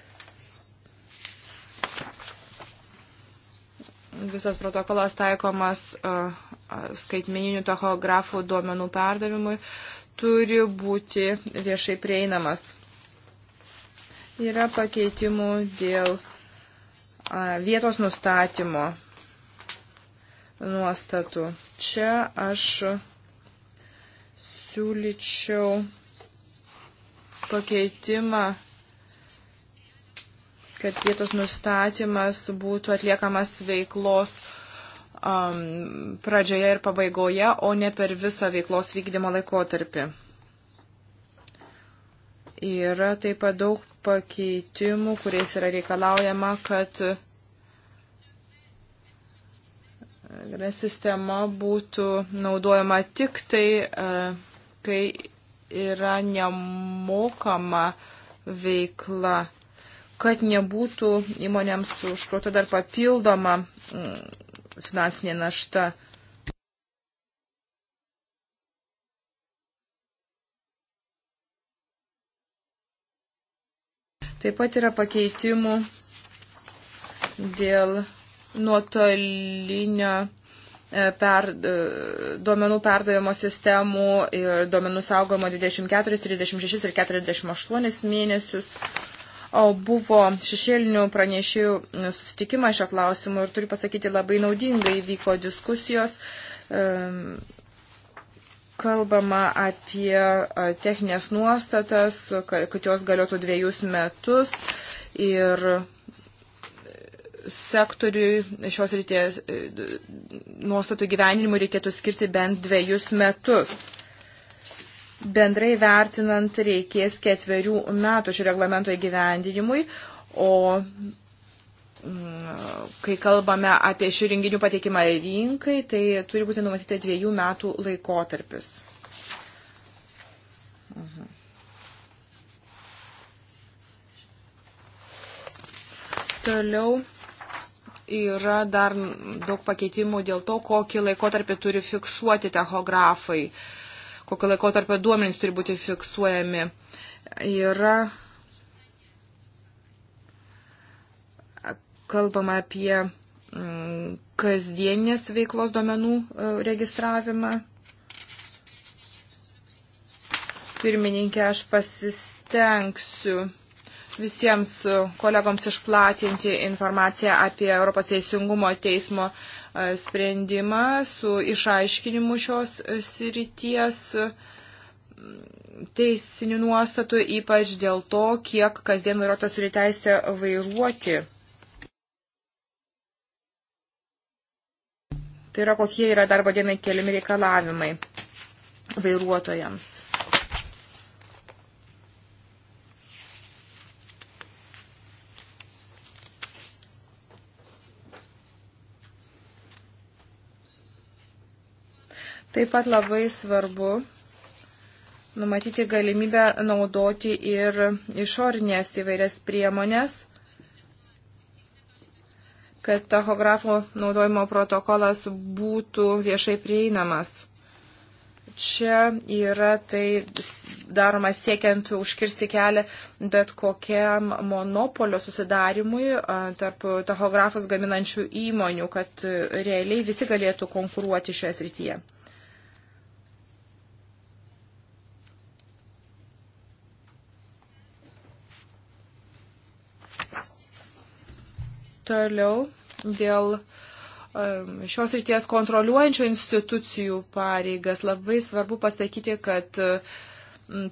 visas protokolas taikomas skaitmeninių tachografų duomenų perdavimui, turi būti viešai prieinamas. Yra pakeitimų dėl vietos nustatymo nuostatų. Čia aš siūlyčiau pakeitimą kad vietos nustatymas būtų atliekamas veiklos um, pradžioje ir pabaigoje, o ne per visą veiklos vykdymo laikotarpį. Yra taip pat daug pakeitimų, kuriais yra reikalaujama, kad e, sistema būtų naudojama tik tai, e, kai yra nemokama veikla kad nebūtų įmonėms užkruota dar papildoma mm, finansinė našta. Taip pat yra pakeitimų dėl nuotolinio e, per, e, duomenų perdavimo sistemų ir duomenų saugojimo 24, 36 ir 48 mėnesius buvo šešėlinių pranešėjų susitikimas šio klausimu ir turiu pasakyti labai naudingai vyko diskusijos. Kalbama apie techninės nuostatas, kad jos galėtų dviejus metus ir sektoriui šios ryties e, nuostatų gyvenimui reikėtų skirti bent dviejus metus bendrai vertinant reikės ketverių metų šio reglamento įgyvendinimui, o mm, kai kalbame apie šių renginių pateikimą rinkai, tai turi būti numatyta dviejų metų laikotarpis. Mhm. Toliau yra dar daug pakeitimų dėl to, kokį laikotarpį turi fiksuoti techografai. Uh, kokio laiko tarp duomenys turi būti fiksuojami. Yra kalbama apie mm, kasdienės veiklos duomenų e, registravimą. Pirmininkė, aš pasistengsiu visiems kolegoms išplatinti informaciją apie Europos Teisingumo teismo uh, sprendimą su išaiškinimu šios srities teisinių nuostatų, ypač dėl to, kiek kasdien vairuotojas turi teisę vairuoti. Tai yra, kokie yra darbo dienai keliami reikalavimai vairuotojams. Taip pat labai svarbu numatyti galimybę naudoti ir išorinės įvairias priemonės, kad tachografų naudojimo protokolas būtų viešai prieinamas. Čia yra tai daroma siekiant užkirsti kelią bet kokiam monopolio susidarimui tarp tachografus gaminančių įmonių, kad realiai visi galėtų konkuruoti šioje srityje. Toliau dėl šios ryties kontroliuojančių institucijų pareigas labai svarbu pasakyti, kad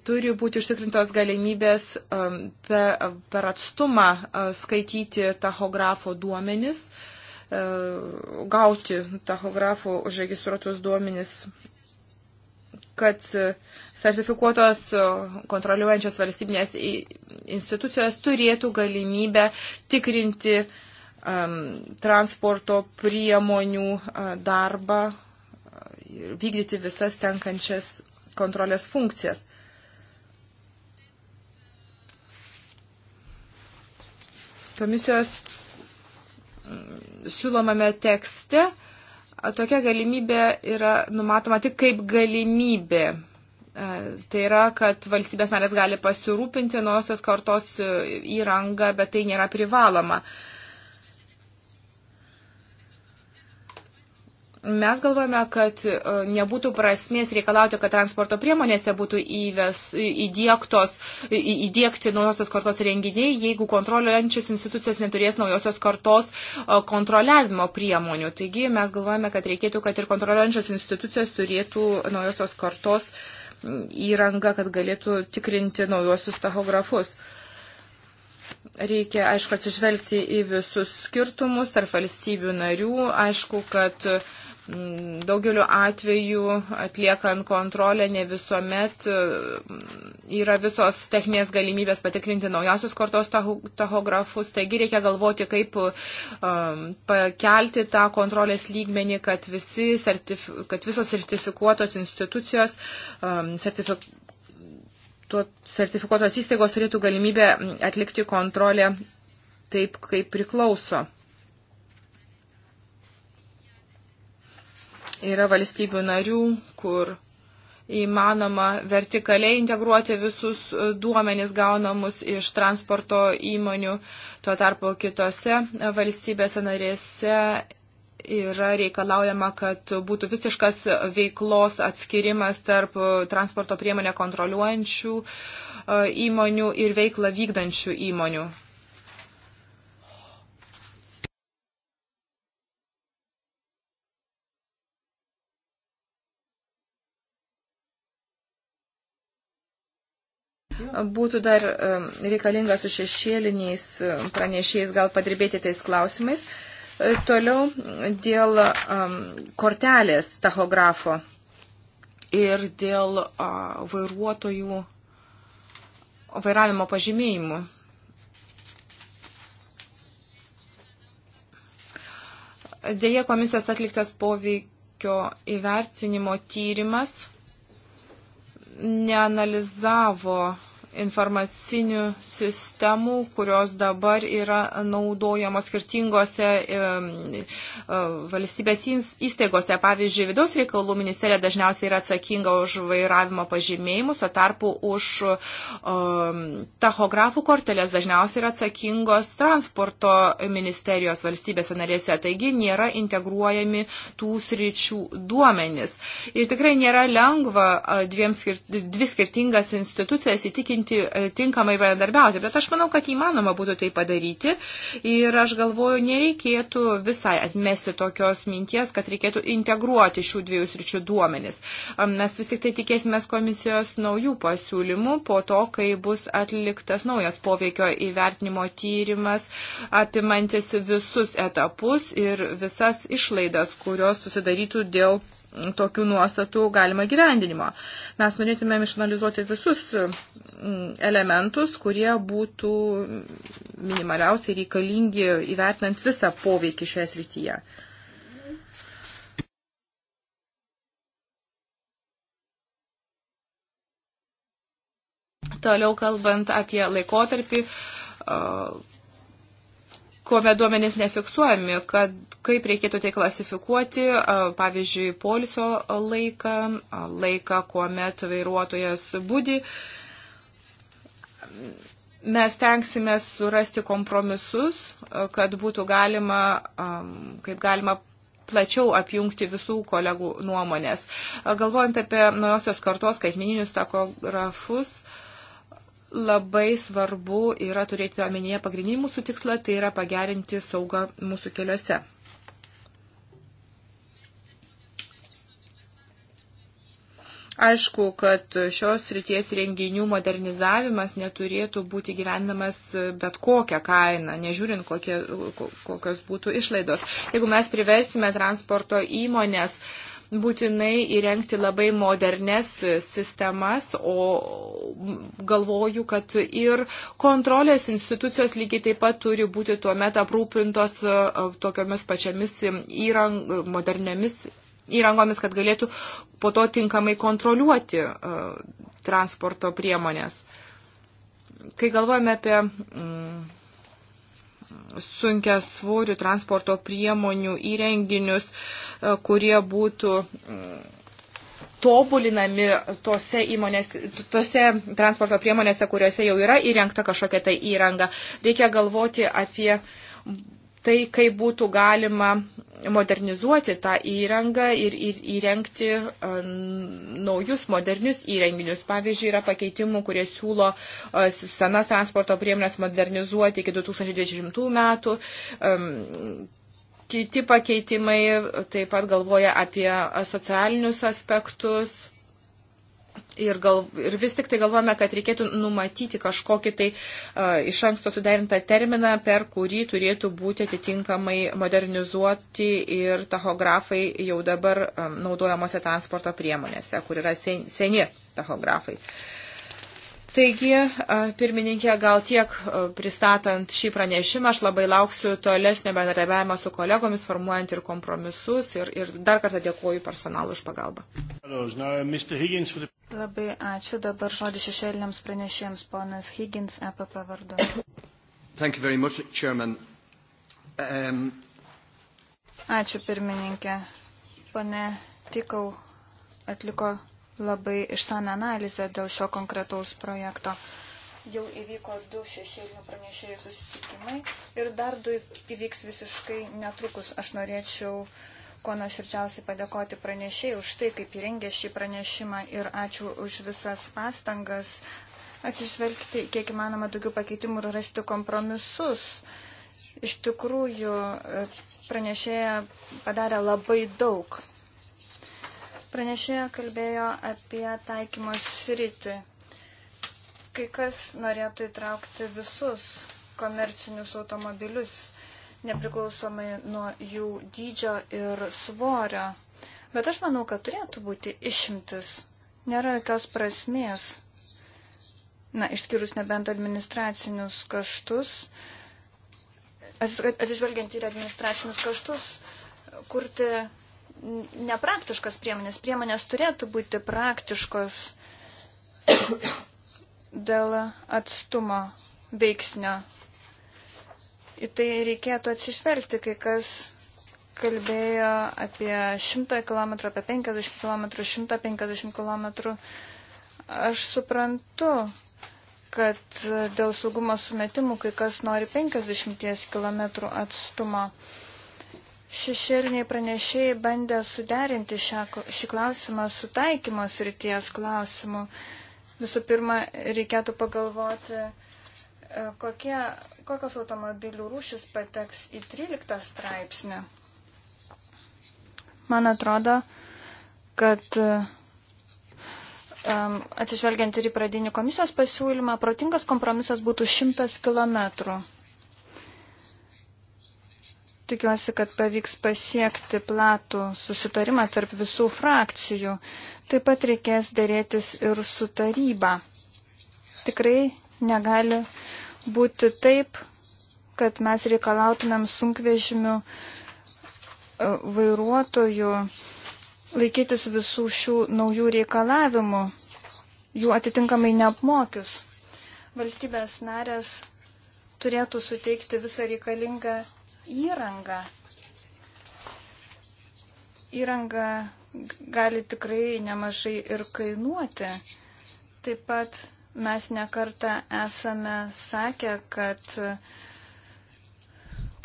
turi būti užtikrintos galimybės per atstumą e, skaityti tachografo duomenis, e, gauti tachografo užregistruotus duomenis, kad e, sertifikuotos kontroliuojančios valstybinės institucijos turėtų galimybę tikrinti uh, Um, transporto priemonių uh, darbą ir uh, vykdyti visas tenkančias kontrolės funkcijas. Komisijos mm, siūlomame tekste tokia galimybė yra numatoma tik kaip galimybė. Tai yra, kad valstybės narės gali pasirūpinti nuosios kartos e, įrangą, bet tai nėra privaloma. Uh, Mes galvojame, kad e, nebūtų prasmės reikalauti, kad transporto priemonėse būtų įves, įdėktos, įdėkti naujosios kartos renginiai, jeigu kontroliuojančios institucijos neturės naujosios kartos e, kontroliavimo priemonių. Taigi mes galvojame, kad reikėtų, kad ir kontroliuojančios institucijos turėtų naujosios kartos įrangą, kad galėtų tikrinti naujosius tachografus reikia, aišku, atsižvelgti į visus skirtumus tarp valstybių narių. Aišku, kad uh, Mm, daugeliu atveju atliekant kontrolę ne visuomet mm, yra visos techninės galimybės patikrinti naujasius kortos tachografus, taigi reikia galvoti, kaip um, pakelti tą kontrolės lygmenį, kad, visi sertif kad visos sertifikuotos institucijos um, sertifik sertifikuotos įstaigos turėtų galimybę atlikti kontrolę taip, kaip priklauso. Yra valstybių narių, kur įmanoma vertikaliai integruoti visus e, duomenys gaunamus iš transporto įmonių. Tuo tarpu kitose valstybėse narėse yra reikalaujama, kad būtų visiškas veiklos atskirimas tarp transporto priemonę kontroliuojančių e, įmonių ir veiklą vykdančių įmonių. būtų dar um, reikalinga su šešėliniais um, pranešėjais gal padirbėti tais klausimais. E, toliau dėl um, kortelės tachografo ir dėl vairuotojų vairavimo pažymėjimų. Dėja, komisijos atliktas poveikio įvertinimo tyrimas neanalizavo informacinių sistemų, kurios dabar yra naudojamos skirtingose e, valstybės įstaigose. Pavyzdžiui, vidaus reikalų ministerija dažniausiai yra atsakinga už vairavimo pažymėjimus, o tarpu už um, tachografų kortelės dažniausiai yra atsakingos transporto ministerijos valstybėse narėse. Taigi nėra integruojami tų sričių duomenys. Ir tikrai nėra lengva dviem, dvi skirtingas institucijas įtikinti užtikrinti e, tinkamai bendarbiauti. Bet aš manau, kad įmanoma būtų tai padaryti ir aš galvoju, nereikėtų visai atmesti tokios minties, kad reikėtų integruoti šių dviejų sričių duomenis. Mes vis tik tai tikėsime komisijos naujų pasiūlymų po to, kai bus atliktas naujas poveikio įvertinimo tyrimas apimantis visus etapus ir visas išlaidas, kurios susidarytų dėl tokių nuostatų galima gyvendinimo. Mes norėtumėm išanalizuoti visus elementus, kurie būtų minimaliausiai reikalingi įvertinant visą poveikį šioje srityje. Toliau kalbant apie laikotarpį, kuomet duomenys nefiksuojami, kad kaip reikėtų tai klasifikuoti, pavyzdžiui, poliso laiką, laiką, kuomet vairuotojas būdi. Mes tenksime surasti kompromisus, kad būtų galima, kaip galima plačiau apjungti visų kolegų nuomonės. Galvojant apie naujosios kartos skaitmeninius takografus, uh, labai svarbu yra turėti omenyje pagrindinį mūsų tikslą, tai yra pagerinti saugą mūsų keliuose. Aišku, kad šios ryties renginių modernizavimas neturėtų būti gyvenamas bet kokią kainą, nežiūrint, kokie, kokios būtų išlaidos. Jeigu mes priversime transporto įmonės uh, būtinai įrengti labai modernes sistemas, o galvoju, kad ir kontrolės institucijos lygiai taip pat turi būti tuo metu aprūpintos e, tokiamis pačiamis įrang, moderniamis įrangomis, kad galėtų po to tinkamai kontroliuoti e, transporto priemonės. Kai galvojame apie mm, sunkia svorių transporto priemonių įrenginius, e, kurie būtų mm, tobulinami tose įmonės, tose transporto priemonėse, kuriuose jau yra įrengta kažkokia tai įranga. Reikia galvoti apie tai, kaip būtų galima modernizuoti tą įrangą ir, ir įrengti e, naujus modernius įrenginius. Pavyzdžiui, yra pakeitimų, kurie siūlo e, senas transporto priemonės modernizuoti iki 2020 metų. E, kiti pakeitimai taip pat galvoja apie socialinius aspektus, Ir, gal, ir vis tik tai galvojame, kad reikėtų numatyti kažkokį tai uh, iš anksto suderintą terminą, per kurį turėtų būti atitinkamai modernizuoti ir tachografai jau dabar um, naudojamose transporto priemonėse, kur yra sen, seni tachografai. Uh, Taigi, pirmininkė, gal tiek pristatant šį pranešimą, aš labai lauksiu tolesnio bendradarbiavimo su kolegomis, formuojant ir kompromisus. Ir, ir dar kartą dėkuoju personalų už pagalbą. Labai ačiū. Dabar žodį šešėliniams pranešėjams, ponas Higgins, EPP vardu. Much, um... Ačiū, pirmininkė. Pane Tikau atliko labai išsame analizę dėl šio konkretaus projekto. Jau įvyko du šešėlinių pranešėjų susitikimai ir dar du įvyks visiškai netrukus. Aš norėčiau kuo nuoširdžiausiai padėkoti pranešėjai už tai, kaip įrengė šį pranešimą ir ačiū už visas pastangas atsižvelgti kiek įmanoma daugiau pakeitimų ir rasti kompromisus. Iš tikrųjų, pranešėja padarė labai daug Pranešėja kalbėjo apie taikymo sritį. Kai kas norėtų įtraukti visus komercinius automobilius, nepriklausomai nuo jų dydžio ir svorio. Bet aš manau, kad turėtų būti išimtis. Nėra jokios prasmės. Na, išskyrus nebent administracinius kaštus, atsižvelgiant į administracinius kaštus, kurti nepraktiškos priemonės. Priemonės turėtų būti praktiškos dėl atstumo veiksnio. Į tai reikėtų atsižvelgti, kai kas kalbėjo apie 100 km, apie 50 km, 150 km. Aš suprantu, kad dėl saugumo sumetimų kai kas nori 50 km atstumo. Šešėliniai pranešėjai bandė suderinti šią, šį klausimą su taikymos ryties klausimu. Visų pirma, reikėtų pagalvoti, e, kokie, kokios automobilių rūšis pateks į 13 straipsnį. Man atrodo, kad um, atsižvelgiant ir į pradinį komisijos pasiūlymą, protingas kompromisas būtų 100 kilometrų. Tikiuosi, kad pavyks pasiekti platų susitarimą tarp visų frakcijų. Taip pat reikės dėrėtis ir su taryba. Tikrai negali būti taip, kad mes reikalautumėm sunkvežimių e, vairuotojų laikytis visų šių naujų reikalavimų, jų atitinkamai neapmokius. Valstybės narės turėtų suteikti visą reikalingą įrangą. Įranga gali tikrai nemažai ir kainuoti. Taip pat mes nekartą esame sakę, kad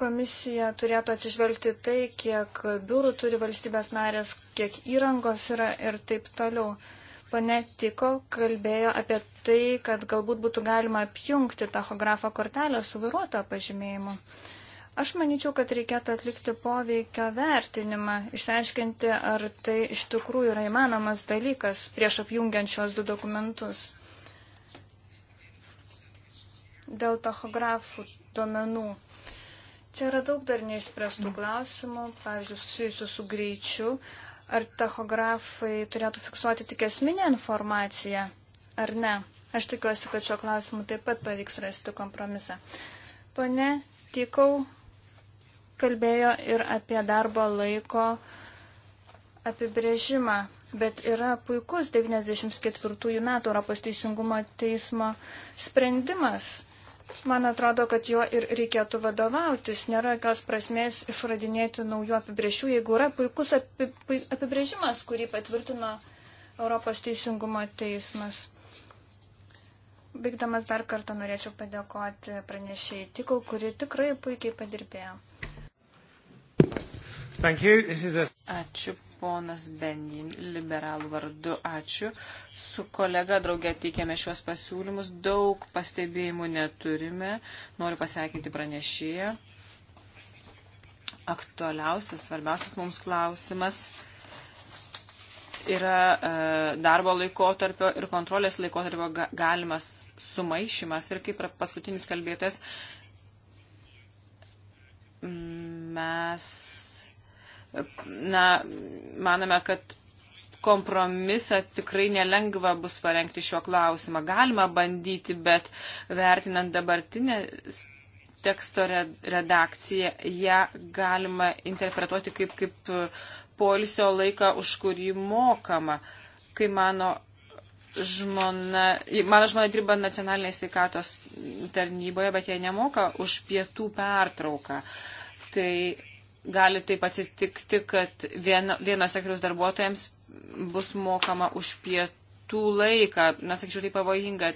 komisija turėtų atsižvelgti tai, kiek biurų turi valstybės narės, kiek įrangos yra ir taip toliau. Pane Tiko kalbėjo apie tai, kad galbūt būtų galima apjungti tachografo kortelę su vairuotojo pažymėjimu. Aš manyčiau, kad reikėtų atlikti poveikio vertinimą, išsiaiškinti, ar tai iš tikrųjų yra įmanomas dalykas prieš apjungiant šios du dokumentus. Dėl tachografų duomenų. Čia yra daug dar neišspręstų klausimų, pavyzdžiui, susijusių su greičiu. Ar tachografai turėtų fiksuoti tik esminę informaciją, ar ne? Aš tikiuosi, kad šio klausimu taip pat pavyks rasti kompromisą. Pane Tikau kalbėjo ir apie darbo laiko apibrėžimą, bet yra puikus 94 metų Europos teisingumo teismo sprendimas. Man atrodo, kad juo ir reikėtų vadovautis. Nėra jokios prasmės išradinėti naujų apibrėžimų, jeigu yra puikus apibrėžimas, kurį patvirtino Europos teisingumo teismas. Baigdamas dar kartą norėčiau padėkoti pranešėjai Tikau, kuri tikrai puikiai padirbėjo. A... Ačiū, ponas Benjin, liberalų vardu, ačiū. Su kolega draugė teikėme šiuos pasiūlymus, daug pastebėjimų neturime. Noriu pasveikinti pranešėją. Aktualiausias, svarbiausias mums klausimas yra e, darbo laikotarpio ir kontrolės laikotarpio galimas sumaišymas. Ir kaip paskutinis kalbėtas, mes na, manome, kad kompromisą tikrai nelengva bus parengti šiuo klausimą. Galima bandyti, bet vertinant dabartinę teksto redakciją, ją galima interpretuoti kaip, kaip polisio laiką, už kurį mokama. Kai mano žmona, mano žmona dirba nacionalinėje sveikatos tarnyboje, bet jie nemoka už pietų pertrauką. Tai gali taip atsitikti, kad vieno, vieno sektoriaus darbuotojams bus mokama už pietų laiką. Na, sakyčiau, tai pavojinga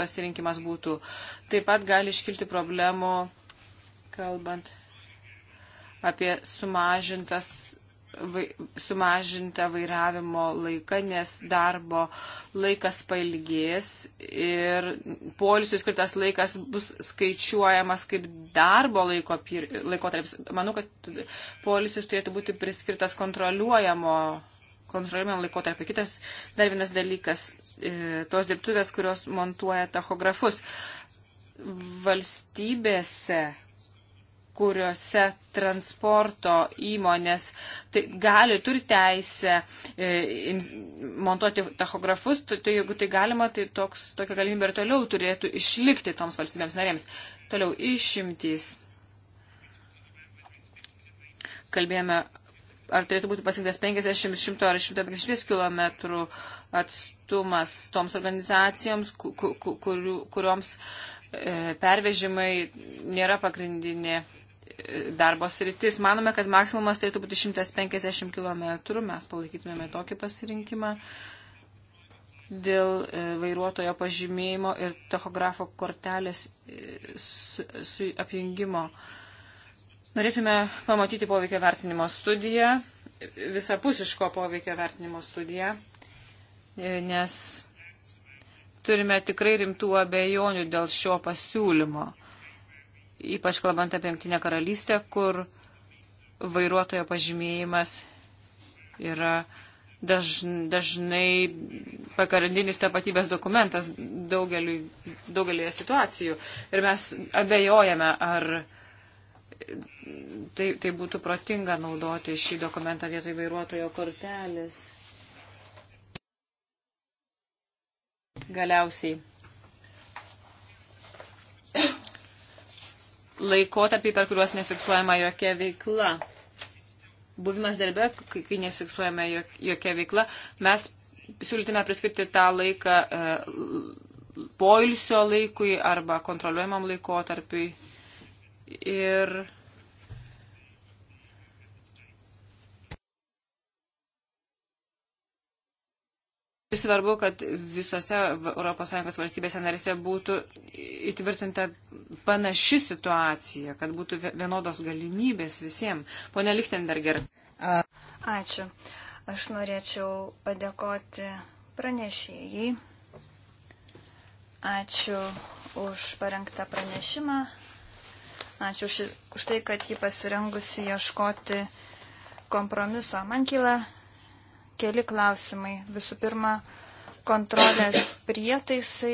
pasirinkimas būtų. Taip pat gali iškilti problemų, kalbant apie sumažintas vai, sumažinta vairavimo laika, nes darbo laikas pailgės ir polisui skirtas laikas bus skaičiuojamas kaip darbo laiko, laikotarpis. Manau, kad polisis turėtų būti priskirtas kontroliuojamo kontroliuojamam laikotarpiu. Kitas dar vienas dalykas e, - tos dirbtuvės, kurios montuoja tachografus. Valstybėse kuriuose transporto įmonės tai gali, turi teisę e, montuoti tachografus, tai, tai jeigu tai galima, tai toks, tokia galimybė ir toliau turėtų išlikti toms valstybėms narėms. Toliau išimtys. Kalbėjome, ar turėtų būti pasirinktas 50, 100 ar 150 km atstumas toms organizacijoms, kuriu, kurioms e, pervežimai nėra pagrindinė darbo sritis. Manome, kad maksimumas turėtų būti 150 km, mes palaikytumėme tokį pasirinkimą dėl e, vairuotojo pažymėjimo ir tachografo kortelės e, su, su apjungimo. Norėtume pamatyti poveikio vertinimo studiją, visapusiško poveikio vertinimo studiją, e, nes turime tikrai rimtų abejonių dėl šio pasiūlymo ypač kalbant apie Junktinę karalystę, kur vairuotojo pažymėjimas yra dažn, dažnai pakarandinis tapatybės dokumentas daugeliu, daugelėje situacijų. Ir mes abejojame, ar tai, tai būtų protinga naudoti šį dokumentą vietoj vairuotojo kortelės. Galiausiai laikotarpį, per kuriuos nefiksuojama jokia veikla. Buvimas darbe, kai nefiksuojama jokia veikla, mes siūlytume priskirti tą laiką e, poilsio laikui arba kontroliuojamam laikotarpiui. Ir Svarbu, kad visose ES valstybėse narėse būtų įtvirtinta panaši situacija, kad būtų vienodos galimybės visiems. Pone Lichtenberger. Ačiū. Aš norėčiau padėkoti pranešėjai. Ačiū už parengtą pranešimą. Ačiū už, už tai, kad jį pasirengusi ieškoti kompromiso. Man kyla keli klausimai. Visų pirma, kontrolės prietaisai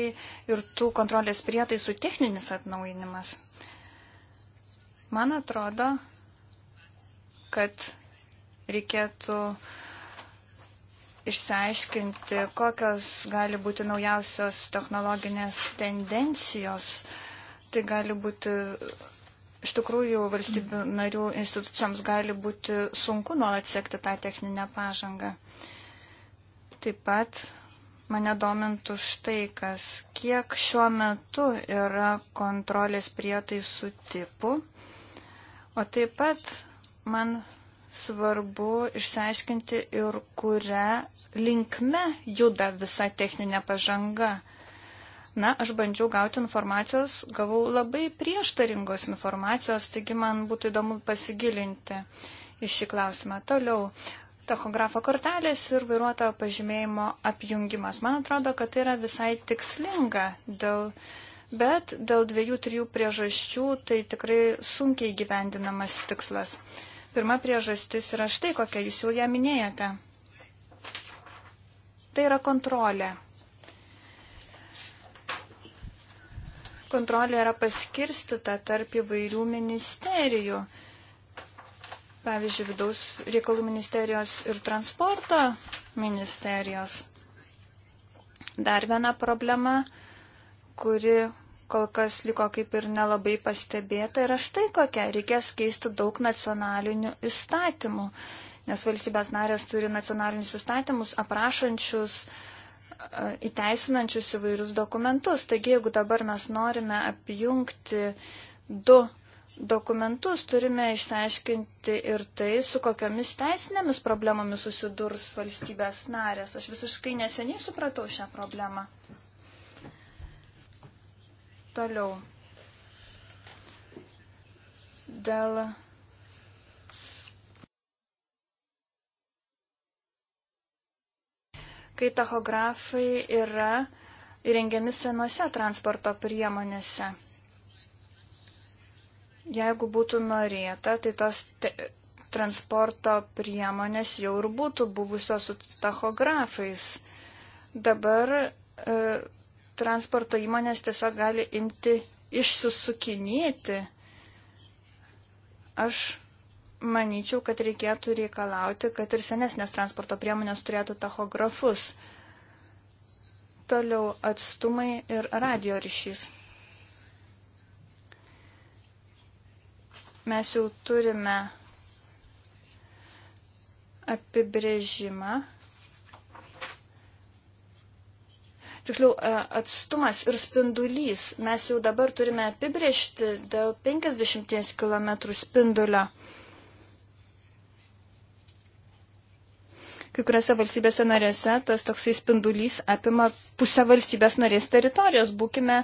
ir tų kontrolės prietaisų techninis atnaujinimas. Man atrodo, kad reikėtų išsiaiškinti, kokios gali būti naujausios technologinės tendencijos. Tai gali būti Iš tikrųjų, valstybių narių institucijoms gali būti sunku nuolat sekti tą techninę pažangą. Taip pat mane domintų štai kas, kiek šiuo metu yra kontrolės prietaisų tipų. O taip pat man svarbu išsiaiškinti ir kuria linkme juda visa techninė pažanga. Na, aš bandžiau gauti informacijos, gavau labai prieštaringos informacijos, taigi man būtų įdomu pasigilinti į šį klausimą. Toliau, tachografo kortelės ir vairuotojo pažymėjimo apjungimas. Man atrodo, kad tai yra visai tikslinga, dėl, bet dėl dviejų, trijų priežasčių tai tikrai sunkiai gyvendinamas tikslas. Pirma priežastis yra štai kokia, jūs jau ją minėjote. Tai yra kontrolė. kontrolė yra paskirstita tarp įvairių ministerijų. Pavyzdžiui, vidaus reikalų ministerijos ir transporto ministerijos. Dar viena problema, kuri kol kas liko kaip ir nelabai pastebėta, yra štai kokia. Reikės keisti daug nacionalinių įstatymų, nes valstybės narės turi nacionalinius įstatymus aprašančius uh, įteisinančius įvairius dokumentus. Taigi, jeigu dabar mes norime apjungti du dokumentus, turime išsiaiškinti ir tai, su kokiamis teisinėmis problemomis susidurs valstybės narės. Aš visiškai neseniai supratau šią problemą. Toliau. Dėl kai tachografai yra įrengiami senose transporto priemonėse. Jeigu būtų norėta, tai tos transporto priemonės jau ir būtų buvusios su tachografais. Dabar e, transporto įmonės tiesiog gali imti išsisukinėti. Aš manyčiau, kad reikėtų reikalauti, kad ir senesnės transporto priemonės turėtų tachografus. Toliau atstumai ir radio ryšys. Mes jau turime apibrėžimą. Tiksliau, e, atstumas ir spindulys. Mes jau dabar turime apibrėžti dėl 50 km spindulio. Kai kuriuose valstybėse narėse tas toksai spindulys apima pusę valstybės narės teritorijos. Būkime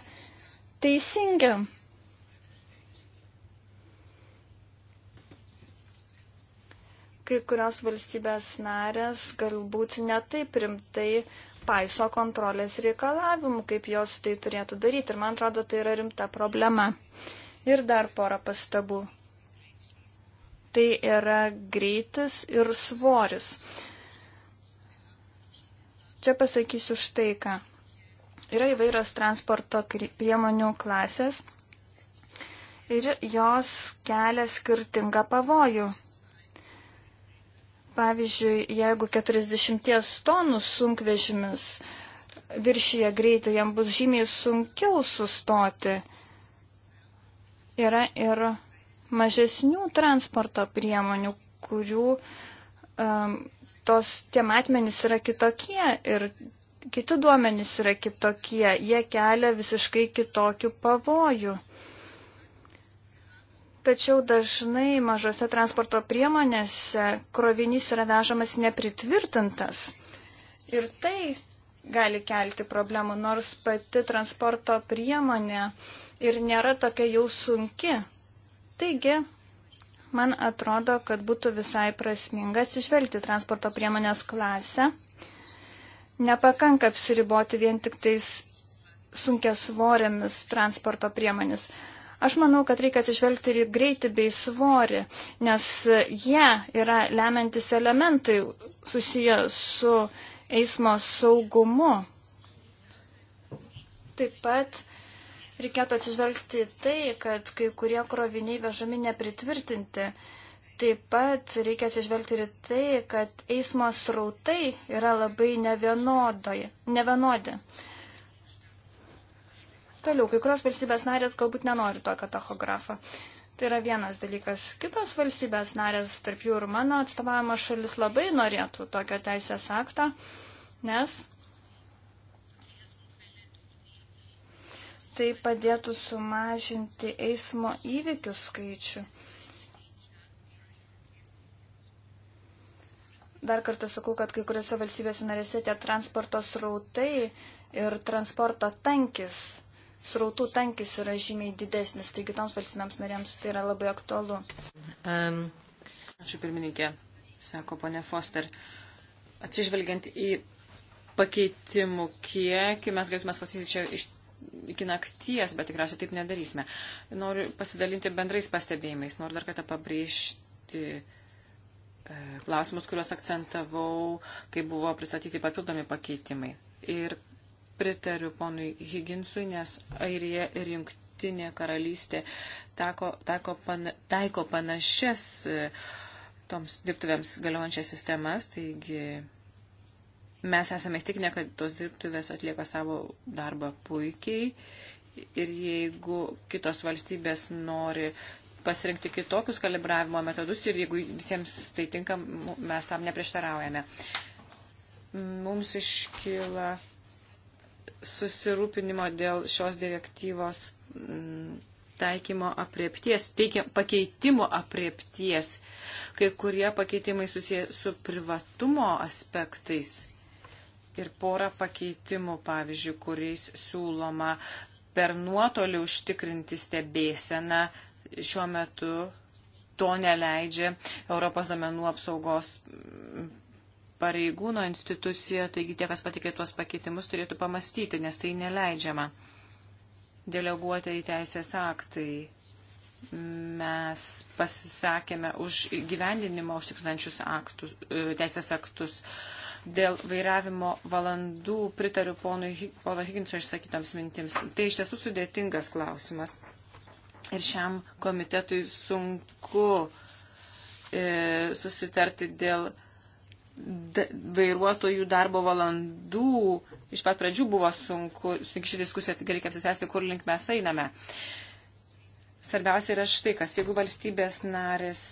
teisingi. Kai kurios valstybės narės galbūt netaip rimtai paiso kontrolės reikalavimų, kaip jos tai turėtų daryti. Ir man atrodo, tai yra rimta problema. Ir dar porą pastabų. Tai yra greitis ir svoris. Čia pasakysiu štai ką. Yra įvairios transporto priemonių klasės ir jos kelia skirtingą pavojų. Pavyzdžiui, jeigu 40 tonų sunkvežimis viršyje greitį, jam bus žymiai sunkiau sustoti. Yra ir mažesnių transporto priemonių, kurių um, tos, tie matmenys yra kitokie ir kiti duomenys yra kitokie, jie kelia visiškai kitokių pavojų. Tačiau dažnai mažose transporto priemonėse krovinys yra vežamas nepritvirtintas. Ir tai gali kelti problemų, nors pati transporto priemonė ir nėra tokia jau sunki. Taigi, Man atrodo, kad būtų visai prasminga atsižvelgti transporto priemonės klasę. Nepakanka apsiriboti vien tik tais sunkia svorėmis transporto priemonės. Aš manau, kad reikia atsižvelgti ir į greitį bei svorį, nes jie yra lemiantis elementai susiję su eismo saugumu. Taip pat uh, Reikėtų atsižvelgti tai, kad kai kurie kroviniai vežami nepritvirtinti. Taip pat reikia atsižvelgti ir tai, kad eismo srautai yra labai nevienodi. Toliau, kai kurios valstybės narės galbūt nenori tokio tachografo. Tai yra vienas dalykas. Kitos valstybės narės, tarp jų ir mano atstovavimo šalis, labai norėtų tokio teisės akto, nes tai padėtų sumažinti eismo įvykių skaičių. Dar kartą sakau, kad kai kuriuose valstybėse narėse tie transporto srautai ir transporto tankis, srautų tankis yra žymiai didesnis, taigi toms valstybėms narėms tai yra labai aktualu. Um, ačiū pirmininkė, sako ponė Foster. Atsižvelgiant į pakeitimų kiekį, mes galėtume svarstyti čia iš iki nakties, bet tikriausiai taip nedarysime. Noriu pasidalinti bendrais pastebėjimais. Noriu dar kartą pabrėžti e, klausimus, kuriuos akcentavau, kai buvo pristatyti papildomi pakeitimai. Ir pritariu ponui Higginsui, nes Airija ir Junktinė karalystė tako, tako pana, taiko panašias e, toms dirbtuvėms galiojančias sistemas, taigi Mes esame įstikinę, kad tos dirbtuvės atlieka savo darbą puikiai ir jeigu kitos valstybės nori pasirinkti kitokius kalibravimo metodus ir jeigu visiems tai tinka, mes tam neprieštaraujame. Mums iškyla susirūpinimo dėl šios direktyvos taikymo apriepties, teikia, pakeitimo apriepties. Kai kurie pakeitimai susiję su privatumo aspektais ir porą pakeitimų, pavyzdžiui, kuriais siūloma per nuotolį užtikrinti stebėseną šiuo metu to neleidžia Europos domenų apsaugos pareigūno institucija, taigi tie, kas patikė tuos pakeitimus, turėtų pamastyti, nes tai neleidžiama. Deleguoti į teisės aktai mes pasisakėme už gyvendinimą užtikrinančius aktus, e, teisės aktus. Uh, Dėl vairavimo valandų pritariu pono Higginso išsakytoms mintims. Tai iš tiesų sudėtingas klausimas. Ir šiam komitetui sunku e, susitarti dėl vairuotojų darbo valandų. Iš pat pradžių buvo sunku, ši diskusija reikia apsispręsti, kur link mes einame. Svarbiausia yra štai, kas jeigu valstybės narės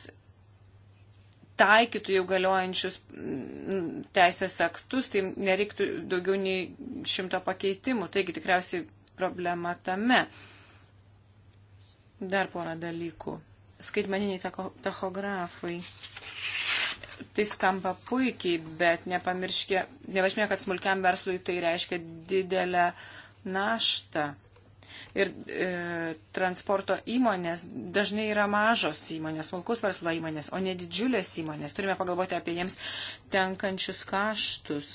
taikytų jau galiojančius mm, teisės aktus, tai nereiktų daugiau nei šimto pakeitimų. Taigi tikriausiai problema tame. Dar porą dalykų. Skaitmeniniai tachografai. Tai skamba puikiai, bet nepamirškime, kad smulkiam verslui tai reiškia didelę naštą ir e, transporto įmonės dažnai yra mažos įmonės, smulkus verslo įmonės, o ne didžiulės įmonės. Turime pagalvoti apie jiems tenkančius kaštus.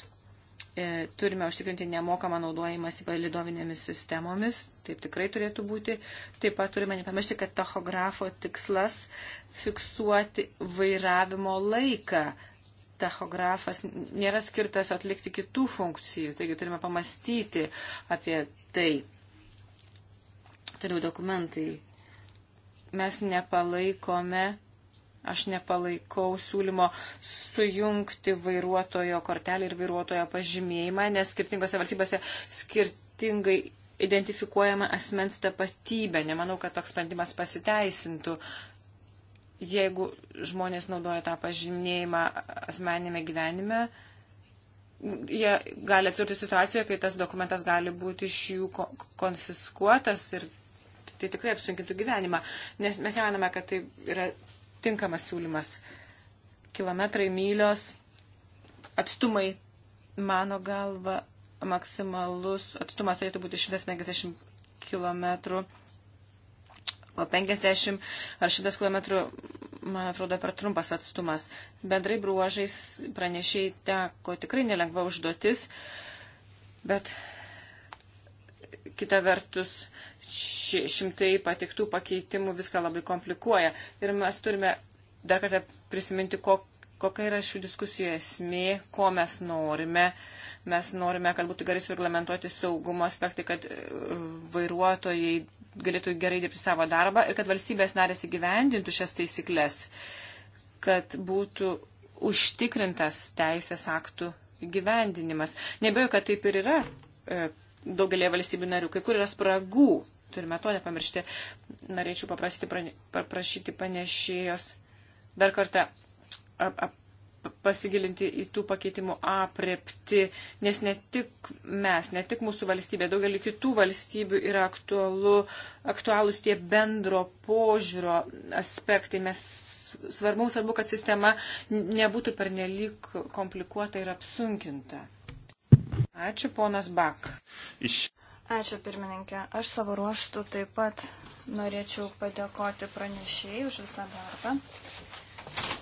E, turime užtikrinti nemokamą naudojimąsi palidovinėmis sistemomis, taip tikrai turėtų būti. Taip pat turime nepamiršti, kad tachografo tikslas fiksuoti vairavimo laiką, tachografas nėra skirtas atlikti kitų funkcijų, taigi turime pamastyti apie tai toliau dokumentai. Mes nepalaikome, aš nepalaikau siūlymo sujungti vairuotojo kortelį ir vairuotojo pažymėjimą, nes skirtingose valstybėse skirtingai identifikuojama asmens tapatybė. Nemanau, kad toks sprendimas pasiteisintų. Jeigu žmonės naudoja tą pažymėjimą asmenėme gyvenime, jie gali atsidurti situacijoje, kai tas dokumentas gali būti iš jų konfiskuotas ir tai tikrai apsunkintų gyvenimą, nes mes nemanome, kad tai yra tinkamas siūlymas. Kilometrai, mylios, atstumai, mano galva, maksimalus atstumas turėtų būti 150 km, o 50 ar 100 km, man atrodo, per trumpas atstumas. Bendrai bruožais pranešiai teko tikrai nelengva užduotis, bet kita vertus šimtai patiktų pakeitimų viską labai komplikuoja. Ir mes turime dar kartą prisiminti, kokia yra šių diskusijų esmė, ko mes norime. Mes norime, kad būtų gerai sureglamentuoti saugumo aspektai, kad e, vairuotojai galėtų gerai dirbti savo darbą ir kad valstybės narės įgyvendintų šias taisyklės, kad būtų užtikrintas teisės aktų gyvendinimas. Nebejoju, kad taip ir yra e, daugelėje valstybių narių, kai kur yra spragų, turime to nepamiršti. Norėčiau paprasyti, prane, paprašyti panešėjos dar kartą ap, ap, pasigilinti į tų pakeitimų aprepti, nes ne tik mes, ne tik mūsų valstybė, daugelį kitų valstybių yra aktualu, aktualūs tie bendro požiūrio aspektai. Mes svarbu, svarbu, kad sistema nebūtų pernelyg komplikuota ir apsunkinta. Ačiū, ponas Bak. Iš... Ačiū, pirmininkė. Aš savo ruoštų taip pat norėčiau padėkoti pranešėjai už visą darbą.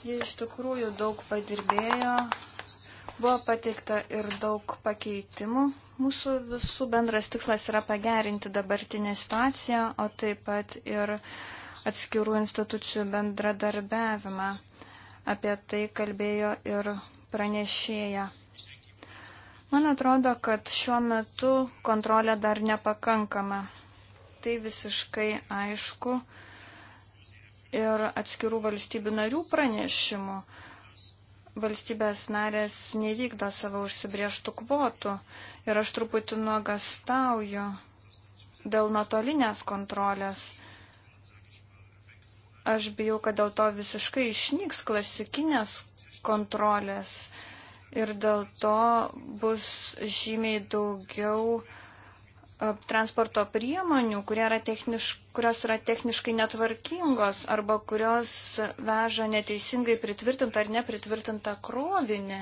Jie iš tikrųjų daug padirbėjo, buvo pateikta ir daug pakeitimų. Mūsų visų bendras tikslas yra pagerinti dabartinę situaciją, o taip pat ir atskirų institucijų bendradarbiavimą. Apie tai kalbėjo ir pranešėja. Man atrodo, kad šiuo metu kontrolė dar nepakankama. Tai visiškai aišku ir atskirų valstybių narių pranešimų. Valstybės narės nevykdo savo užsibrieštų kvotų ir aš truputį nuogastauju dėl nuotolinės kontrolės. Aš bijau, kad dėl to visiškai išnyks klasikinės kontrolės ir dėl to bus žymiai daugiau e, transporto priemonių, yra techniš, kurios yra techniškai netvarkingos arba kurios veža neteisingai pritvirtintą ar nepritvirtintą krovinį.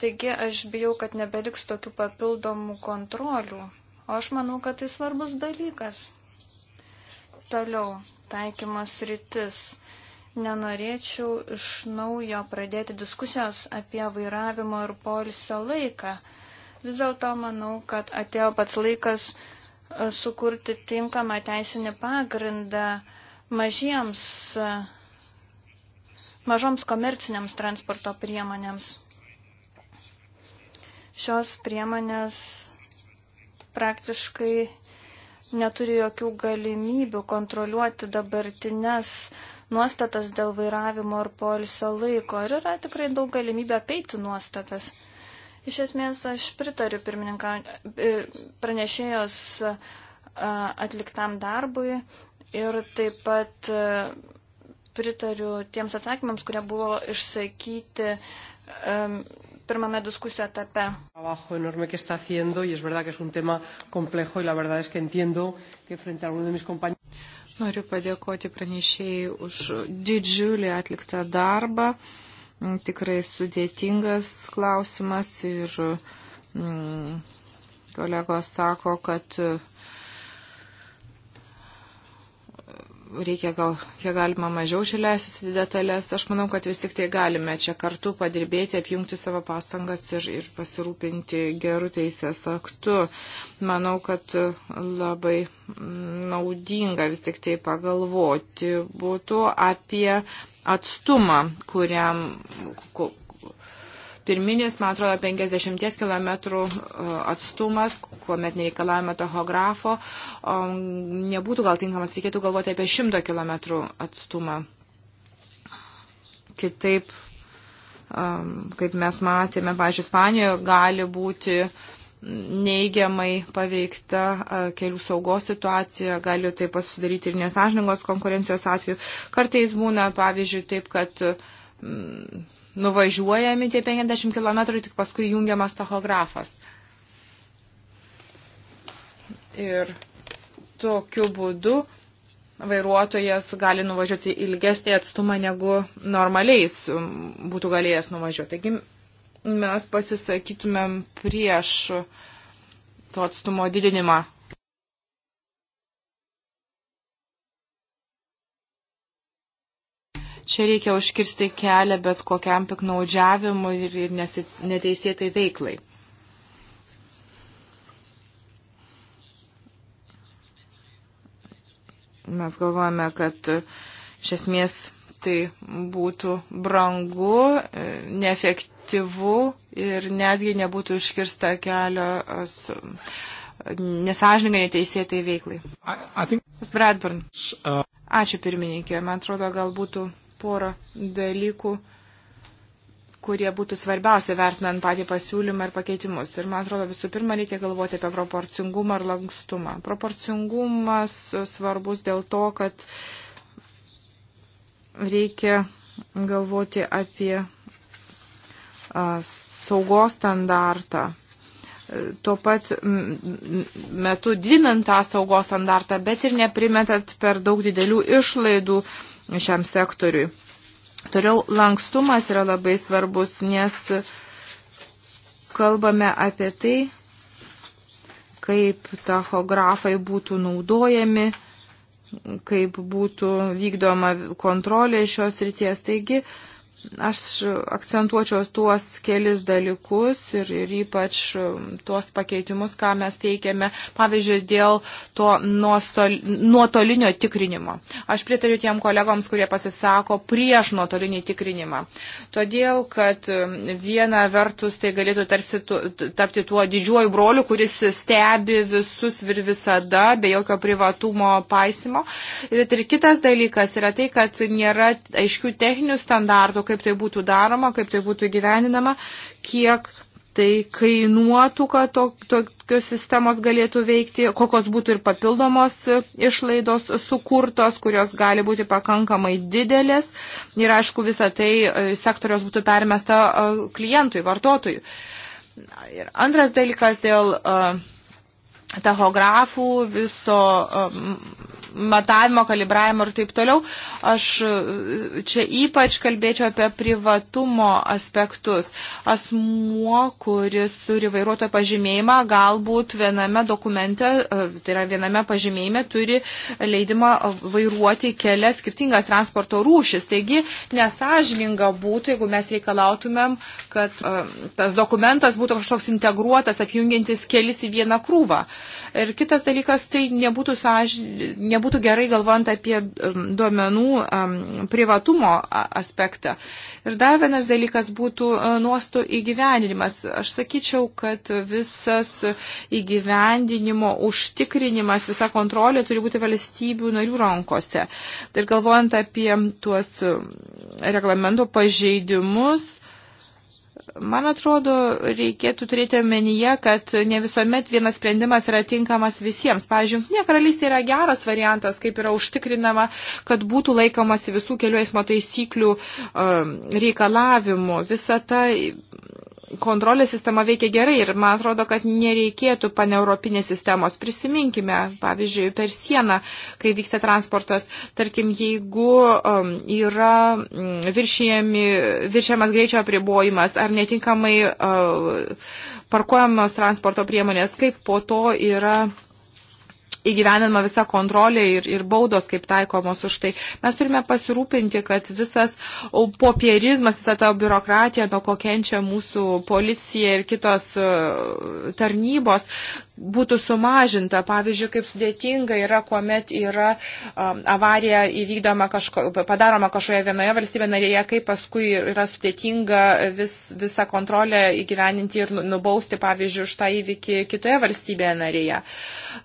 Taigi aš bijau, kad nebeliks tokių papildomų kontrolių. O aš manau, kad tai svarbus dalykas. Toliau, taikymas rytis nenorėčiau iš naujo pradėti diskusijos apie vairavimo ir polisio laiką. Vis dėlto manau, kad atėjo pats laikas e, sukurti tinkamą teisinį pagrindą mažiems, e, mažoms komerciniams transporto priemonėms. Šios priemonės praktiškai neturi jokių galimybių kontroliuoti dabartinės uh, nuostatas dėl vairavimo ir poilsio laiko ir yra tikrai daug galimybę apeiti nuostatas. Iš esmės aš pritariu e, pranešėjos e, atliktam darbui ir taip pat e, pritariu tiems atsakymams, kurie buvo išsakyti um, pirmame diskusijų etape. Trabajo enorme que está haciendo y es verdad que es un tema complejo y la verdad es que entiendo que frente a alguno de mis compañeros. Noriu padėkoti pranešėjai už didžiulį atliktą darbą. Mm, tikrai sudėtingas klausimas ir mm, kolegos sako, kad reikia gal, kiek galima mažiau šilesis į detalės. Aš manau, kad vis tik tai galime čia kartu padirbėti, apjungti savo pastangas ir, ir pasirūpinti gerų teisės aktų. Manau, kad labai naudinga vis tik tai pagalvoti būtų apie atstumą, kuriam, Pirminis, man atrodo, 50 km e, atstumas, kuomet nereikalavome tachografo, nebūtų gal tinkamas, reikėtų galvoti apie 100 km atstumą. Kitaip, e, kaip mes matėme, pažiūrėjau, Ispanijoje gali būti neigiamai paveikta e, kelių saugos situacija, gali taip pat sudaryti ir nesažiningos konkurencijos atveju. Kartais būna, pavyzdžiui, taip, kad mm, nuvažiuojami tie 50 km, tik paskui jungiamas tachografas. Ir tokiu būdu vairuotojas gali nuvažiuoti ilgesnį atstumą, negu normaliais um, būtų galėjęs nuvažiuoti. Taigi mes pasisakytumėm prieš to atstumo didinimą Čia reikia užkirsti kelią bet kokiam piknaudžiavimui ir neteisėtai veiklai. Mes galvojame, kad e, iš esmės tai būtų brangu, e, neefektyvu ir netgi nebūtų užkirsta kelio e, nesažininkai neteisėtai veiklai. I, I think... Bradburn. Uh. Ačiū pirmininkė. Man atrodo, gal būtų porą dalykų, kurie būtų svarbiausia vertinant patį pasiūlymą ir pakeitimus. Ir man atrodo, visų pirma, reikia galvoti apie proporcingumą ir lankstumą. Proporcingumas svarbus dėl to, kad reikia galvoti apie saugos standartą. Tuo pat metu didinant tą saugos standartą, bet ir neprimetant per daug didelių išlaidų uh, šiam sektoriui. Toliau lankstumas yra labai svarbus, nes kalbame apie tai, kaip tachografai būtų naudojami, kaip būtų vykdoma kontrolė šios ryties. Taigi, uh, Aš akcentuočiau tuos kelis dalykus ir, ir ypač um, tuos pakeitimus, ką mes teikiame, pavyzdžiui, dėl to nuostol, nuotolinio tikrinimo. Aš pritariu tiem kolegoms, kurie pasisako prieš nuotolinį tikrinimą. Todėl, kad um, viena vertus tai galėtų tarpsi, tapti tuo didžiuoju broliu, kuris stebi visus ir visada, be jokio privatumo paisimo. Ir kitas dalykas yra tai, kad nėra aiškių techninių standartų, kaip tai būtų daroma, kaip tai būtų gyveninama, kiek tai kainuotų, kad to, tokios sistemos galėtų veikti, kokios būtų ir papildomos išlaidos sukurtos, kurios gali būti pakankamai didelės ir aišku visą tai e, sektorios būtų permesta e, klientui, vartotojui. Ir antras dalykas dėl e, tachografų viso matavimo, kalibravimo ir taip toliau. Aš e, čia ypač kalbėčiau apie privatumo aspektus. Asmuo, kuris turi vairuotojo pažymėjimą, galbūt viename dokumente, e, tai yra viename pažymėjime, turi leidimą vairuoti kelias skirtingas transporto rūšis. Taigi nesažninga būtų, jeigu mes reikalautumėm, kad e, tas dokumentas būtų kažkoks integruotas, apjungiantis kelis į vieną krūvą. Ir kitas dalykas, tai nebūtų, sąž... nebūtų gerai galvojant apie um, duomenų um, privatumo aspektą. Ir dar vienas dalykas būtų uh, nuostų įgyvendinimas. Aš sakyčiau, kad visas įgyvendinimo užtikrinimas, visa kontrolė turi būti valstybių narių rankose. Ir galvojant apie tuos um, reglamento pažeidimus, Man atrodo, reikėtų turėti omenyje, kad ne visuomet vienas sprendimas yra tinkamas visiems. Pavyzdžiui, Junktinė karalystė yra geras variantas, kaip yra užtikrinama, kad būtų laikomasi visų kelių eismo taisyklių um, reikalavimų. Visa ta kontrolės sistema veikia gerai ir man atrodo, kad nereikėtų paneuropinės sistemos. Prisiminkime, pavyzdžiui, per sieną, kai vyksta transportas, tarkim, jeigu um, yra mm, viršiamas greičio apribojimas ar netinkamai uh, parkuojamos transporto priemonės, kaip po to yra įgyvenama visa kontrolė ir, ir baudos kaip taikomos už tai. Mes turime pasirūpinti, kad visas popierizmas, visa ta biurokratija, nuo ko kenčia mūsų policija ir kitos e, tarnybos, būtų sumažinta. Pavyzdžiui, kaip sudėtinga yra, kuomet yra um, avarija įvykdoma kažko, padaroma kažkoje vienoje valstybė narėje, kaip paskui yra sudėtinga vis, visą kontrolę įgyveninti ir nu, nubausti, pavyzdžiui, už tą įvykį kitoje valstybėje narėje.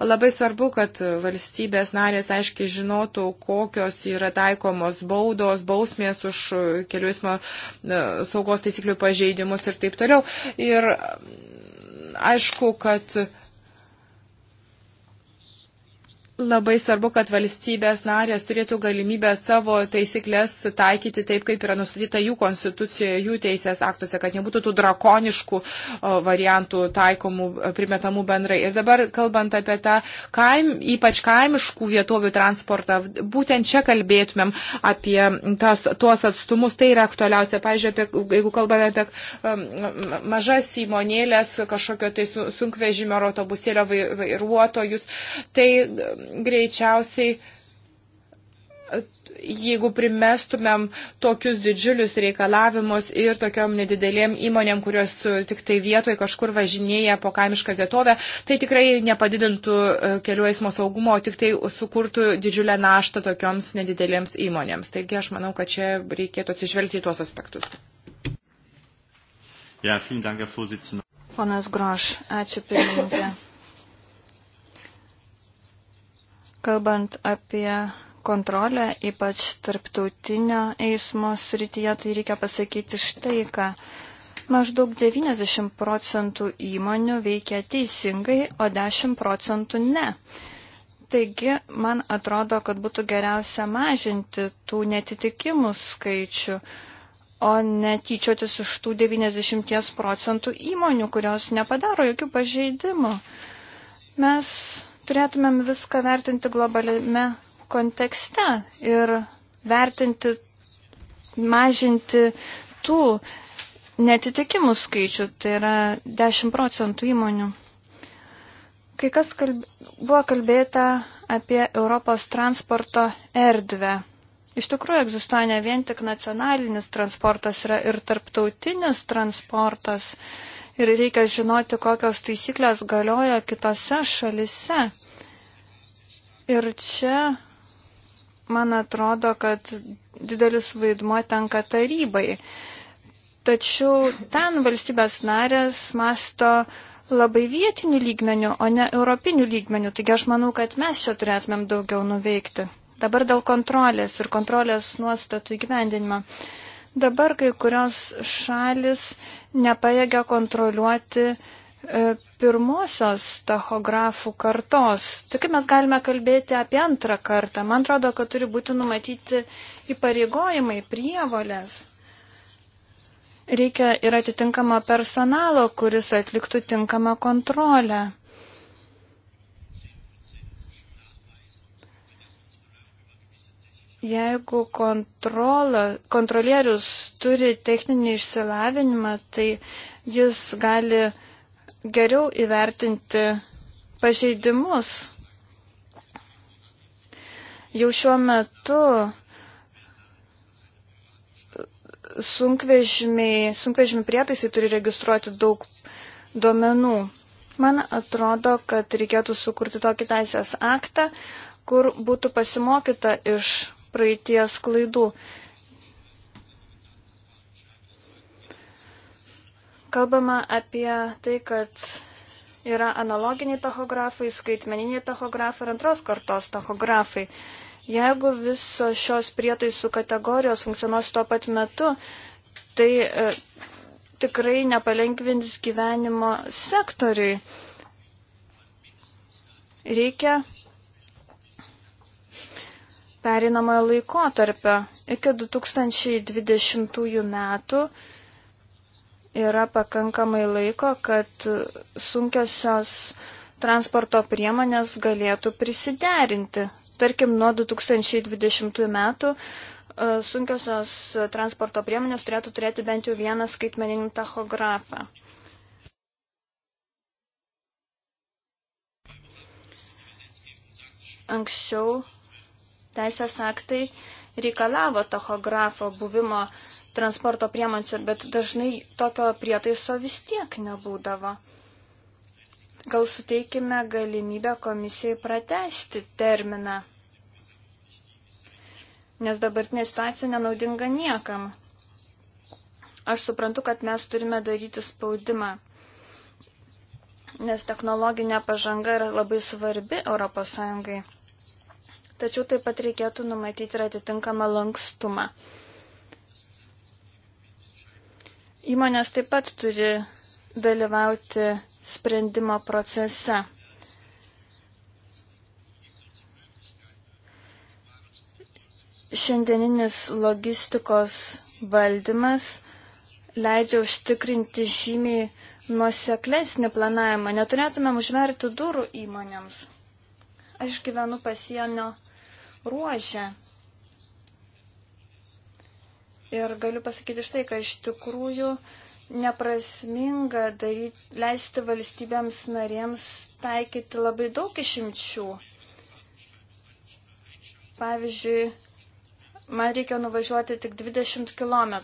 Labai svarbu, kad valstybės narės aiškiai žinotų, kokios yra taikomos baudos, bausmės už kelių eismo saugos taisyklių pažeidimus ir taip toliau. Ir um, aišku, kad Labai svarbu, kad valstybės narės turėtų galimybę savo taisyklės taikyti taip, kaip yra nustatyta jų konstitucijoje, jų teisės aktuose, kad nebūtų tų drakoniškų variantų taikomų, primetamų bendrai. Ir dabar, kalbant apie tą kaim, ypač kaimiškų vietovių transportą, būtent čia kalbėtumėm apie tas, tuos atstumus, tai yra aktualiausia. Pavyzdžiui, apie, jeigu kalbame apie um, mažas įmonėlės, kažkokio tai sunkvežimio ar autobusėlio vairuotojus, tai greičiausiai jeigu primestumėm tokius didžiulius reikalavimus ir tokiom nedidelėm įmonėm, kurios tik tai vietoje kažkur važinėja po kaimišką vietovę, tai tikrai nepadidintų e, kelių eismo saugumo, tik tai sukurtų didžiulę naštą tokioms nedidelėms įmonėms. Taigi aš manau, kad čia reikėtų atsižvelgti į tuos aspektus. Ja, dank, Ponas Groš, ačiū pirmininkė. Kalbant apie kontrolę, ypač tarptautinio eismo srityje, tai reikia pasakyti štai ką. Maždaug 90 procentų įmonių veikia teisingai, o 10 procentų ne. Taigi, man atrodo, kad būtų geriausia mažinti tų netitikimų skaičių, o netyčiotis iš tų 90 procentų įmonių, kurios nepadaro jokių pažeidimų. Mes turėtumėm viską vertinti globaliame kontekste ir vertinti, mažinti tų netitikimų skaičių, tai yra 10 procentų įmonių. Kai kas kalb... buvo kalbėta apie Europos transporto erdvę. Iš tikrųjų egzistuoja ne vien tik nacionalinis transportas, yra ir tarptautinis transportas. Uh, ir reikia žinoti, kokios taisyklės galioja kitose šalise. Ir čia, man atrodo, kad didelis vaidmuo tenka tarybai. Tačiau ten valstybės narės masto labai vietinių lygmenių, o ne europinių lygmenių. Taigi aš manau, kad mes čia turėtumėm daugiau nuveikti. Dabar dėl kontrolės ir kontrolės nuostatų įgyvendinimo. Uh, Dabar kai kurios šalis nepaėgia kontroliuoti e, pirmosios tachografų kartos. Tai kaip mes galime kalbėti apie antrą kartą? Man atrodo, kad turi būti numatyti įpareigojimai, prievolės. Reikia ir atitinkamo personalo, kuris atliktų tinkamą kontrolę. Jeigu kontrolierius turi techninį išsilavinimą, tai jis gali geriau įvertinti pažeidimus. Jau šiuo metu sunkvežimiai, sunkvežimiai prietaisai turi registruoti daug duomenų. Man atrodo, kad reikėtų sukurti tokį teisės aktą, kur būtų pasimokyta iš praeities klaidų. Kalbama apie tai, kad yra analoginiai tachografai, skaitmeniniai tachografai ir antros kartos tachografai. Jeigu visos šios prietaisų kategorijos funkcionuos tuo pat metu, tai e, tikrai nepalengvins gyvenimo sektoriui. Reikia perinamojo laikotarpio. Iki 2020 metų yra pakankamai laiko, kad sunkiosios transporto priemonės galėtų prisiderinti. Tarkim, nuo 2020 metų e, sunkiosios transporto priemonės turėtų turėti bent jau vieną skaitmeninį tachografą. Anksčiau teisės aktai reikalavo tachografo buvimo transporto priemonėse, bet dažnai tokio prietaiso vis tiek nebūdavo. Gal suteikime galimybę komisijai pratesti terminą, nes dabartinė situacija nenaudinga niekam. Aš suprantu, kad mes turime daryti spaudimą, nes technologinė pažanga yra labai svarbi ES tačiau taip pat reikėtų numatyti ir atitinkamą lankstumą. Įmonės taip pat turi dalyvauti sprendimo procese. Šiandieninis logistikos valdymas leidžia užtikrinti žymiai nuoseklesnį planavimą. Neturėtumėm užverti durų įmonėms. Aš gyvenu pasienio ruožę. Ir galiu pasakyti štai, kad iš tikrųjų neprasminga daryti, leisti valstybėms narėms taikyti labai daug išimčių. Pavyzdžiui, man reikia nuvažiuoti tik 20 km.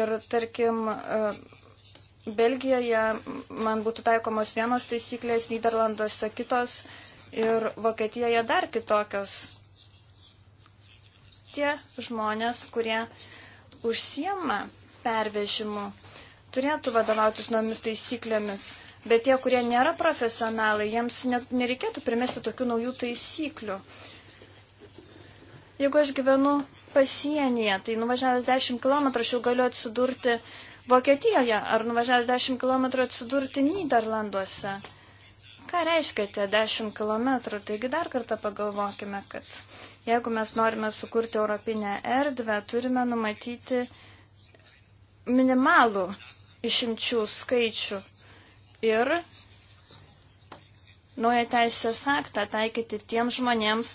Ir tarkim, e, Belgijoje man būtų taikomos vienos taisyklės, Niderlanduose kitos ir Vokietijoje dar kitokios. Tie žmonės, kurie užsiema pervežimu, turėtų vadovautis nuomis taisyklėmis, bet tie, kurie nėra profesionalai, jiems nereikėtų primesti tokių naujų taisyklių. Jeigu aš gyvenu pasienyje, tai nuvažiavęs 10 km aš jau galiu atsidurti Vokietijoje ar nuvažiavęs 10 km atsidurti Niderlanduose. Ką reiškia tie 10 km? Taigi dar kartą pagalvokime, kad jeigu mes norime sukurti europinę erdvę, turime numatyti minimalų išimčių skaičių ir naują teisės aktą taikyti tiems žmonėms,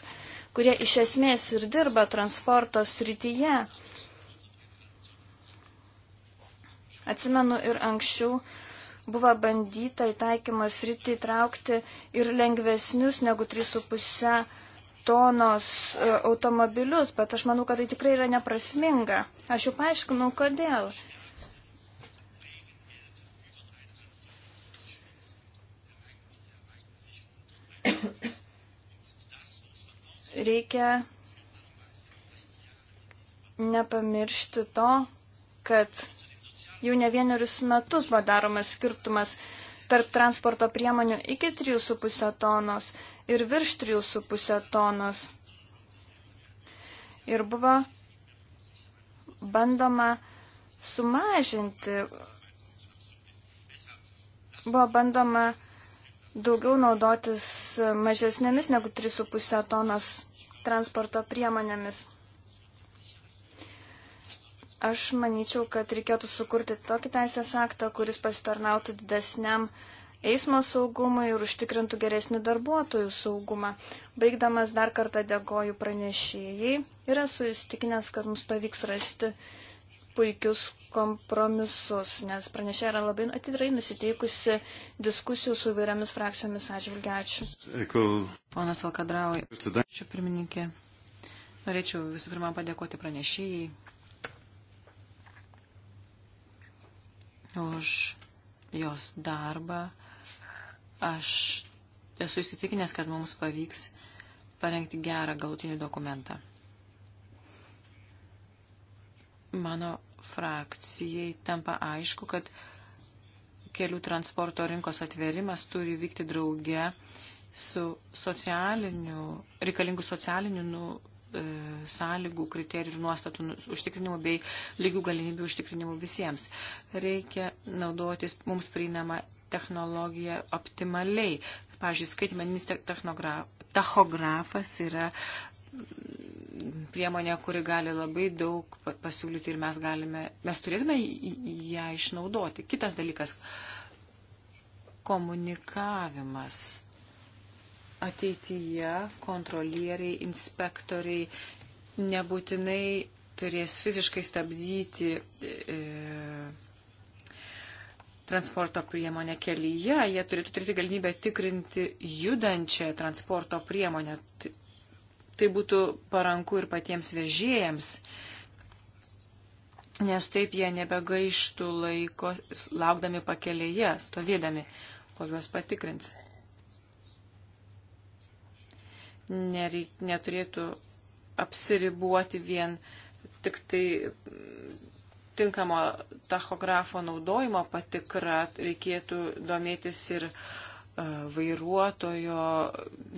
kurie iš esmės ir dirba transporto srityje. Atsimenu ir anksčiau buvo bandyta į taikymą sritį įtraukti ir lengvesnius negu 3,5 tonos e, automobilius, bet aš manau, kad tai tikrai yra neprasminga. Aš jau paaiškinau, kodėl. Reikia nepamiršti to, kad Jau ne vienerius metus buvo daromas skirtumas tarp transporto priemonių iki 3,5 tonos ir virš 3,5 tonos. Ir buvo bandoma sumažinti, buvo bandoma daugiau naudotis mažesnėmis negu 3,5 tonos transporto priemonėmis. Aš manyčiau, kad reikėtų sukurti tokį teisės aktą, kuris pasitarnautų didesniam eismo saugumą ir užtikrintų geresnį darbuotojų saugumą. Baigdamas dar kartą dėkoju pranešėjai ir esu įstikinęs, kad mums pavyks rasti puikius kompromisus, nes pranešėja yra labai atidrai nusiteikusi diskusijų su vairiamis frakcijomis atžvilgiu. Ačiū. Ponas Alkadraui. Ačiū pirmininkė. Norėčiau visų pirma padėkoti pranešėjai už jos darbą. Aš esu įsitikinęs, kad mums pavyks parengti gerą galutinį dokumentą. Mano frakcijai tampa aišku, kad kelių transporto rinkos atverimas turi vykti drauge su socialiniu, reikalingu socialiniu nu, E, sąlygų, kriterijų ir nuostatų nu, užtikrinimu bei lygių galimybių užtikrinimu visiems. Reikia naudotis mums prieinamą technologiją optimaliai. Pavyzdžiui, skaitmeninis tachografas yra priemonė, kuri gali labai daug pasiūlyti ir mes, galime, mes turėtume ją išnaudoti. Kitas dalykas - komunikavimas ateityje kontrolieriai, inspektoriai nebūtinai turės fiziškai stabdyti e, transporto priemonę kelyje, jie turėtų turėti galimybę tikrinti judančią transporto priemonę. Tai būtų paranku ir patiems vežėjams, nes taip jie nebegaištų laiko laukdami pakelėje, stovėdami, kol juos patikrins. nereik, neturėtų apsiribuoti vien tik tai mm, tinkamo tachografo naudojimo patikra, reikėtų domėtis ir e, vairuotojo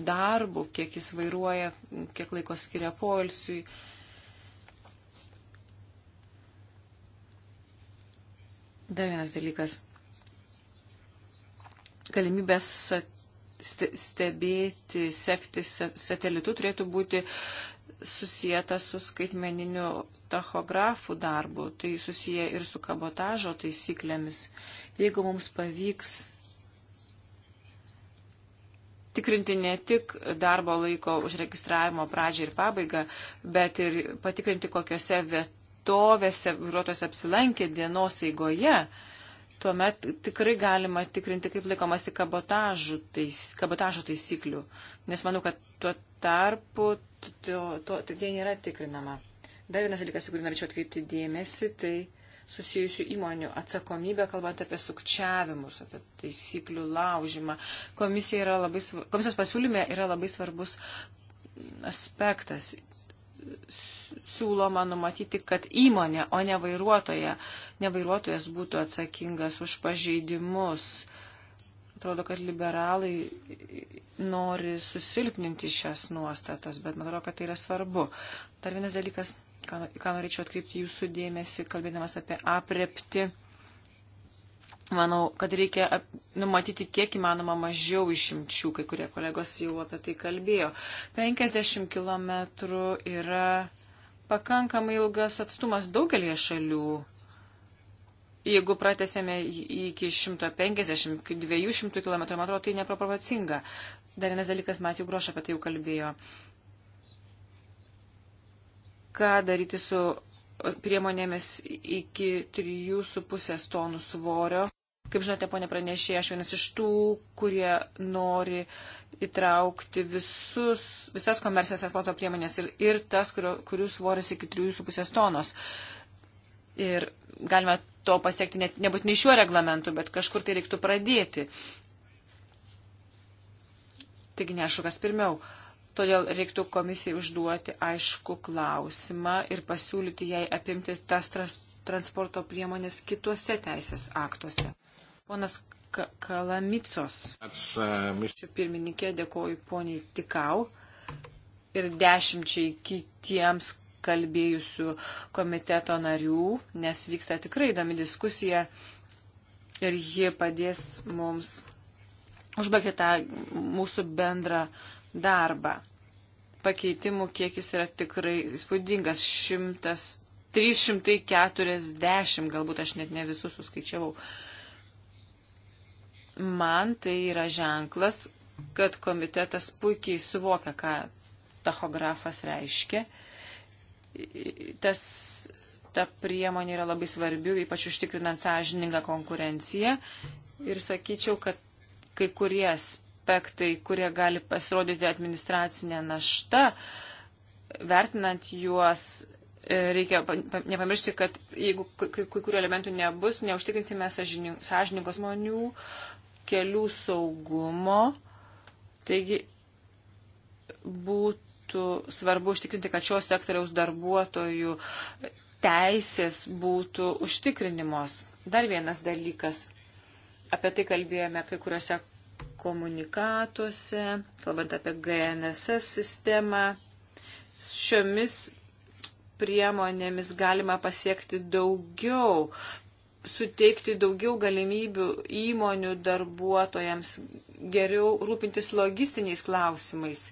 darbų, kiek jis vairuoja, kiek laiko skiria poilsiui. Dar vienas dalykas. Galimybės stebėti, sekti satelitu turėtų būti susijęta su skaitmeniniu tachografų darbu, tai susiję ir su kabotažo taisyklėmis. Jeigu mums pavyks tikrinti ne tik darbo laiko užregistravimo pradžią ir pabaigą, bet ir patikrinti kokiose vietovėse vairuotojas apsilankė dienos eigoje, tuomet tikrai galima tikrinti, kaip laikomasi kabotažo, tais, kabotažo taisyklių, nes manau, kad tuo tarpu to, to, tai, tai nėra tikrinama. Dar vienas dalykas, į kurį norėčiau atkreipti dėmesį, tai susijusių įmonių atsakomybė, kalbant apie sukčiavimus, apie taisyklių laužimą. Komisija yra labai, komisijos pasiūlyme yra labai svarbus aspektas siūloma numatyti, kad įmonė, o ne vairuotoja, ne vairuotojas būtų atsakingas už pažeidimus. Atrodo, kad liberalai nori susilpninti šias nuostatas, bet man atrodo, kad tai yra svarbu. Dar vienas dalykas, ką, ką norėčiau atkreipti jūsų dėmesį, kalbėdamas apie aprepti Manau, kad reikia numatyti kiek įmanoma mažiau išimčių, kai kurie kolegos jau apie tai kalbėjo. 50 km yra pakankamai ilgas atstumas daugelie šalių. Jeigu pratesėme iki 150-200 km, man atrodo, tai neproporcinga. Dar vienas dalykas, Matijų Groš apie tai jau kalbėjo. Ką daryti su priemonėmis iki 3,5 tonų svorio. Kaip žinote, ponė pranešė, aš vienas iš tų, kurie nori įtraukti visus, visas komersinės transporto priemonės ir, ir tas, kurio, kurių svoris iki 3,5 tonos. Ir galime to pasiekti net, nebūtinai šiuo reglamentu, bet kažkur tai reiktų pradėti. Taigi neaišku, kas pirmiau. Uh, Todėl reiktų komisijai užduoti aišku klausimą ir pasiūlyti jai apimti tas trans transporto priemonės kituose teisės aktuose. Ponas K Kalamitsos. Uh, Ačiū pirmininkė, dėkoju poniai Tikau ir dešimčiai kitiems kalbėjusių komiteto narių, nes vyksta tikrai įdomi diskusija ir ji padės mums užbaigti tą mūsų bendrą darbą. Pakeitimų kiekis yra tikrai įspūdingas - 340, galbūt aš net ne visus suskaičiavau. Man tai yra ženklas, kad komitetas puikiai suvokia, ką tachografas reiškia. Tas, ta priemonė yra labai svarbi, ypač užtikrinant sąžiningą konkurenciją. Ir sakyčiau, kad kai kurie aspektai aspektai, kurie gali pasirodyti administracinė našta, vertinant juos e, reikia nepamiršti, kad jeigu kai kurių elementų nebus, neužtikrinsime sąžininkos žmonių, kelių saugumo. Taigi būtų svarbu užtikrinti, kad šios sektoriaus darbuotojų teisės būtų užtikrinimos. Dar vienas dalykas. Apie tai kalbėjome kai kuriuose komunikatuose, kalbant apie GNSS sistemą. Šiomis priemonėmis galima pasiekti daugiau, suteikti daugiau galimybių įmonių darbuotojams geriau rūpintis logistiniais klausimais.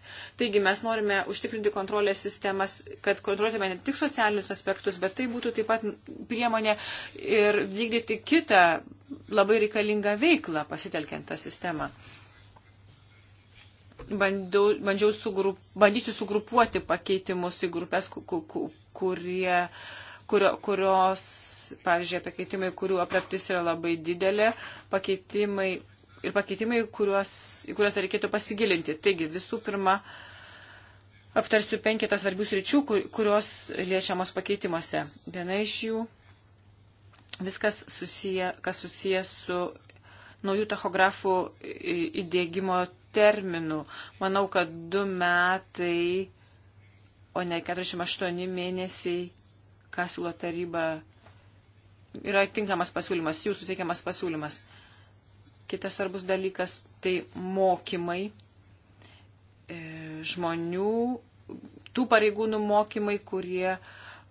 Taigi mes norime užtikrinti kontrolės sistemas, kad kontroliuotume ne tik socialinius aspektus, bet tai būtų taip pat priemonė ir vykdyti kitą labai reikalingą veiklą pasitelkiant tą sistemą bandau, bandžiau sugrup, bandysiu sugrupuoti pakeitimus į grupės, kurie, kurio, kurios, pavyzdžiui, pakeitimai, kurių apreptis yra labai didelė, pakeitimai ir pakeitimai, kuriuos, į kuriuos dar reikėtų pasigilinti. Taigi, visų pirma, aptarsiu penkitą svarbių sričių, kur, kurios liečiamos pakeitimuose. Viena iš jų viskas susiję, kas susiję su naujų tachografų įdėgymo terminų. Manau, kad du metai, o ne 48 mėnesiai, ką siūlo taryba, yra tinkamas pasiūlymas, jūsų teikiamas pasiūlymas. Kitas svarbus dalykas - tai mokymai e, žmonių, tų pareigūnų mokymai, kurie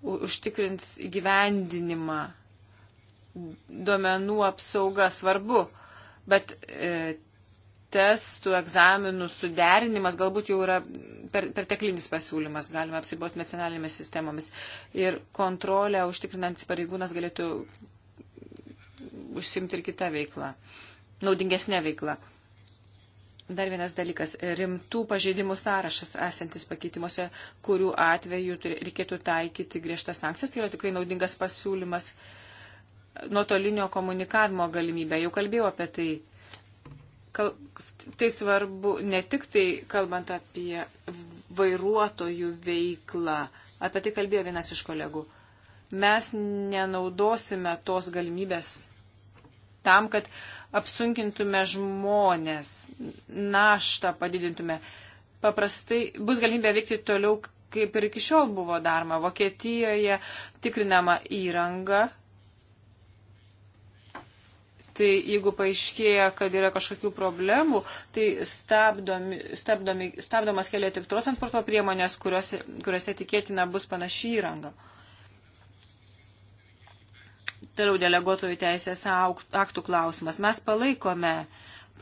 užtikrins įgyvendinimą. Duomenų apsauga svarbu bet e, testų egzaminų suderinimas galbūt jau yra per, perteklinis pasiūlymas, galime apsiboti nacionalinėmis sistemomis. Ir kontrolę užtikrinantis pareigūnas galėtų užsimti ir kitą veiklą, naudingesnę veiklą. Dar vienas dalykas - rimtų pažeidimų sąrašas esantis pakeitimuose, kurių atveju reikėtų taikyti griežtas sankcijas. Tai yra tikrai naudingas pasiūlymas. Uh, nuotolinio komunikavimo galimybę. Jau kalbėjau apie tai. Kal, tai svarbu ne tik tai kalbant apie vairuotojų veiklą. Apie tai kalbėjo vienas iš kolegų. Mes nenaudosime tos galimybės tam, kad apsunkintume žmonės, naštą padidintume. Paprastai bus galimybė veikti toliau, kaip ir iki šiol buvo daroma. Vokietijoje tikrinama įranga, Tai jeigu paaiškėja, kad yra kažkokių problemų, tai stabdomi, stabdomi, stabdomas kelia tik tos transporto priemonės, kuriuose, kuriuose tikėtina bus panaši įranga. Toliau deleguotojų teisės aktų klausimas. Mes palaikome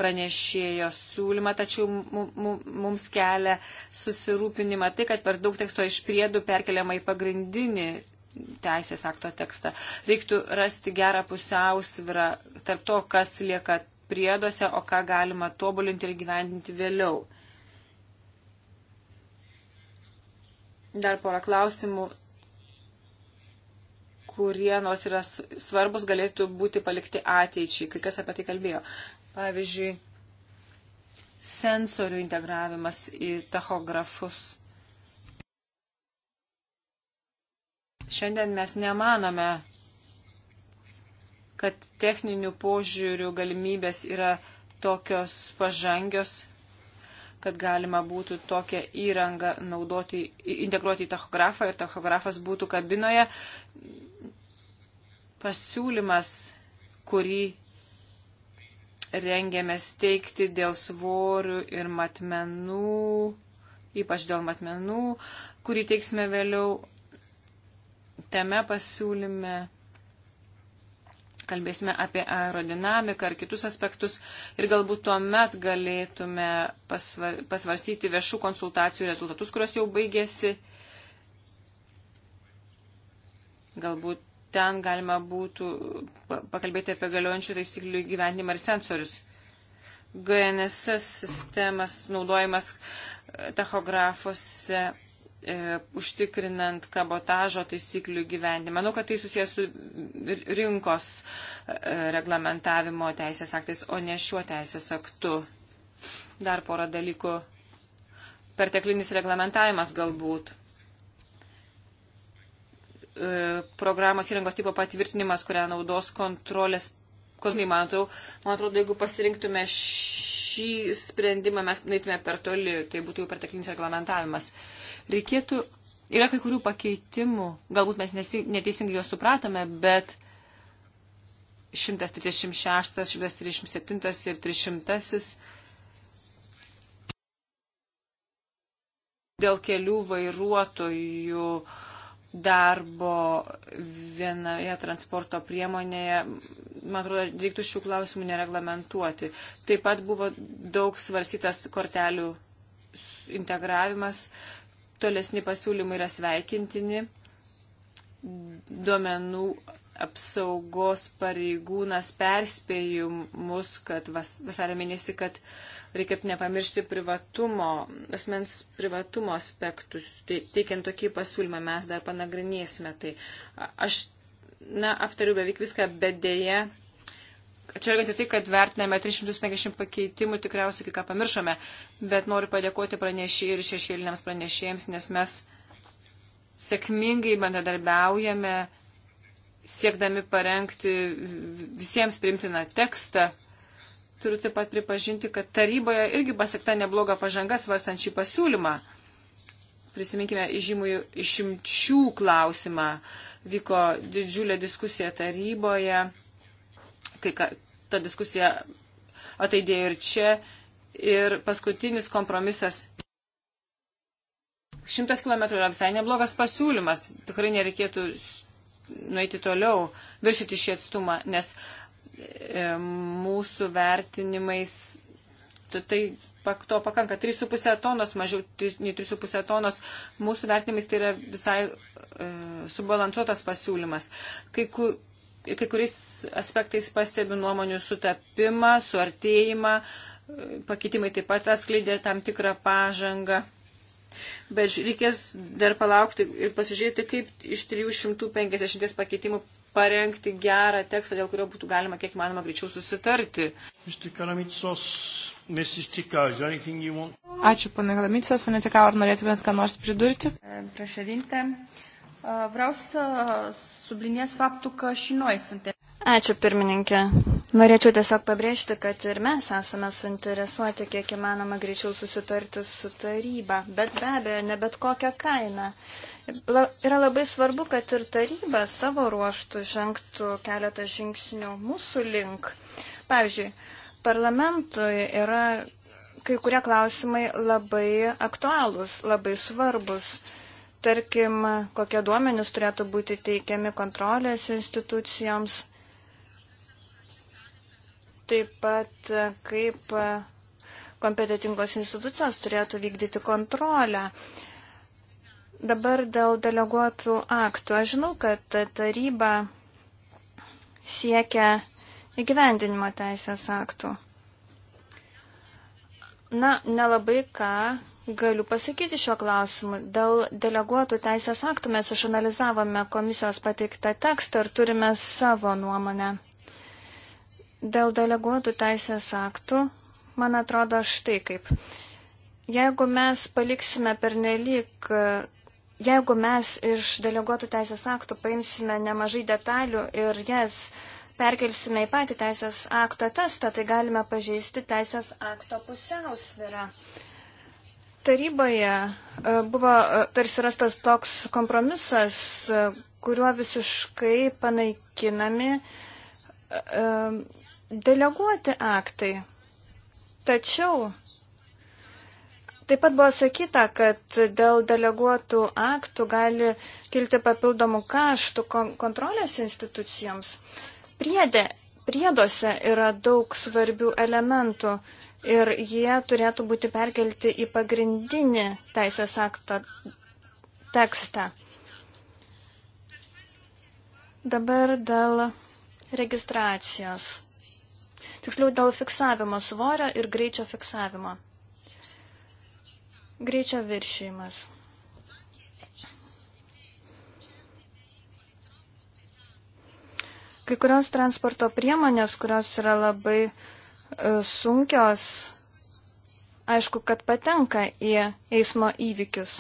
pranešėjo siūlymą, tačiau mums kelia susirūpinimą tai, kad per daug teksto iš priedų perkeliama į pagrindinį teisės akto tekstą. Reiktų rasti gerą pusiausvyrą tarp to, kas lieka prieduose, o ką galima tobulinti ir gyvendinti vėliau. Dar porą klausimų kurie nors yra svarbus, galėtų būti palikti ateičiai, kai kas apie tai kalbėjo. Pavyzdžiui, sensorių integravimas į tachografus. Šiandien mes nemanome, kad techninių požiūrių galimybės yra tokios pažangios, kad galima būtų tokią įrangą naudoti, integruoti į tachografą ir tachografas būtų kabinoje. Pasiūlymas, kurį rengėmės teikti dėl svorių ir matmenų, ypač dėl matmenų, kurį teiksime vėliau, tame pasiūlyme kalbėsime apie aerodinamiką ar kitus aspektus ir galbūt tuo met galėtume pasvar, pasvarstyti viešų konsultacijų rezultatus, kurios jau baigėsi. Galbūt ten galima būtų pakalbėti apie galiojančių taisyklių gyvenimą ir sensorius. GNSS sistemas naudojimas tachografuose e, užtikrinant kabotažo taisyklių gyvendimą. Manau, kad tai susijęs su rinkos e, reglamentavimo teisės aktais, o ne šiuo teisės aktu. Dar porą dalykų. Perteklinis reglamentavimas galbūt e, programos įrangos tipo patvirtinimas, kurią naudos kontrolės kol neįmanau, man atrodo, jeigu pasirinktume šį sprendimą, mes nueitume per toli, tai būtų jau perteklinis reglamentavimas. Reikėtų, yra kai kurių pakeitimų, galbūt mes nesi, neteisingai juos supratome, bet 136, 137 ir 300 dėl kelių vairuotojų uh, darbo vienoje transporto priemonėje, man atrodo, reiktų šių klausimų nereglamentuoti. Taip pat buvo daug svarstytas kortelių integravimas, tolesni pasiūlymai yra sveikintini, duomenų apsaugos pareigūnas perspėjimus, kad vas, vasario mėnesį, kad uh, reikėtų nepamiršti privatumo, asmens privatumo aspektus. Tai teikiant tokį pasiūlymą mes dar panagrinėsime. Tai aš, na, aptariu beveik viską, bet dėje. Čia reikia tai, kad vertiname 350 pakeitimų, tikriausiai kai ką pamiršome, bet noriu padėkoti pranešėjai ir šešėliniams pranešėjams, nes mes sėkmingai bendradarbiaujame, siekdami parengti visiems primtiną tekstą turiu taip pat pripažinti, kad taryboje irgi pasiekta nebloga pažanga svarstant šį pasiūlymą. Prisiminkime žymų išimčių klausimą. Vyko didžiulė diskusija taryboje, kai ka, ta diskusija ataidėjo ir čia. Ir paskutinis kompromisas. Šimtas kilometrų yra visai neblogas pasiūlymas. Tikrai nereikėtų nueiti toliau, viršyti šį atstumą, nes E, mūsų vertinimais tai to pakanka. 3,5 tonos, mažiau nei 3,5 tonos, mūsų vertinimais tai yra visai e, subalansuotas pasiūlymas. Kai, ku, kai kuriais aspektais pastebiu nuomonių sutapimą, suartėjimą, e, pakitimai taip pat atskleidė tam tikrą pažangą. Bet reikės dar palaukti ir pasižiūrėti, kaip iš 350 pakeitimų parengti gerą tekstą, dėl kurio būtų galima kiek manoma greičiau susitarti. Ačiū, pana Kalamicos, pana Tikau, ar norėtumėt ką nors pridurti? E, Prašadinte, e, vreau să subliniez faptul că și noi suntem. Ačiū, pirmininkė. Norėčiau tiesiog pabrėžti, kad ir mes esame suinteresuoti, kiek įmanoma greičiau susitarti su taryba, bet be abejo, ne bet kokią kainą. Yra labai svarbu, kad ir taryba savo ruoštų žengtų keletą žingsnių mūsų link. Pavyzdžiui, parlamentui yra kai kurie klausimai labai aktualūs, labai svarbus. Tarkim, kokie duomenys turėtų būti teikiami kontrolės institucijoms. Taip pat, kaip kompetitingos institucijos turėtų vykdyti kontrolę. Uh, Dabar dėl deleguotų aktų. Aš žinau, kad taryba siekia įgyvendinimo teisės aktų. Na, nelabai ką galiu pasakyti šiuo klausimu. Dėl deleguotų teisės aktų mes išanalizavome komisijos pateiktą tekstą ir turime savo nuomonę. Dėl deleguotų teisės aktų, man atrodo, štai kaip. Jeigu mes paliksime pernelyg Jeigu mes iš deleguotų teisės aktų paimsime nemažai detalių ir jas perkelsime į patį teisės akto testą, tai galime pažeisti teisės akto pusiausvyrą. Taryboje e, buvo e, tarsi rastas toks kompromisas, e, kuriuo visiškai panaikinami deleguoti aktai. Tačiau Taip pat buvo sakyta, kad dėl deleguotų aktų gali kilti papildomų kaštų kontrolės institucijoms. Priedė, prieduose yra daug svarbių elementų ir jie turėtų būti perkelti į pagrindinį teisės akto tekstą. Dabar dėl registracijos. Tiksliau dėl fiksavimo svorio ir greičio fiksavimo greičio viršėjimas. Kai kurios transporto priemonės, kurios yra labai e, sunkios, aišku, kad patenka į eismo įvykius.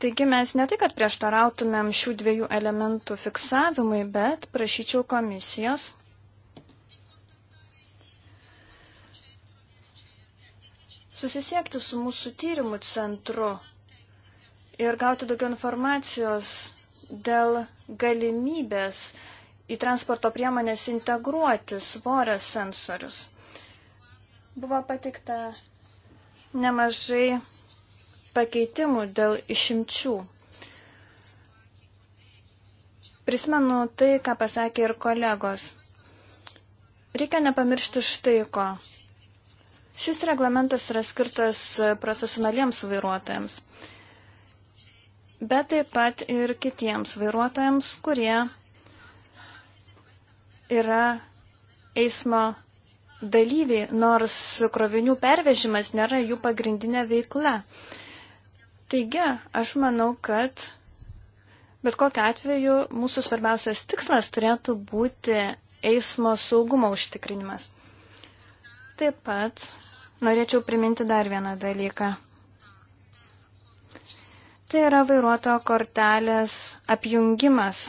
Taigi mes ne tai, kad prieštarautumėm šių dviejų elementų fiksavimui, bet prašyčiau komisijos susisiekti su mūsų tyrimų centru ir gauti daugiau informacijos dėl galimybės į transporto priemonės integruoti svorio sensorius. Buvo patikta nemažai pakeitimų dėl išimčių. Prisimenu tai, ką pasakė ir kolegos. Reikia nepamiršti štai ko. Šis reglamentas yra skirtas profesionaliems vairuotojams, bet taip pat ir kitiems vairuotojams, kurie yra eismo dalyviai, nors krovinių pervežimas nėra jų pagrindinė veikla. Taigi, aš manau, kad bet kokiu atveju mūsų svarbiausias tikslas turėtų būti eismo saugumo užtikrinimas. Taip pat norėčiau priminti dar vieną dalyką. Tai yra vairuotojo kortelės apjungimas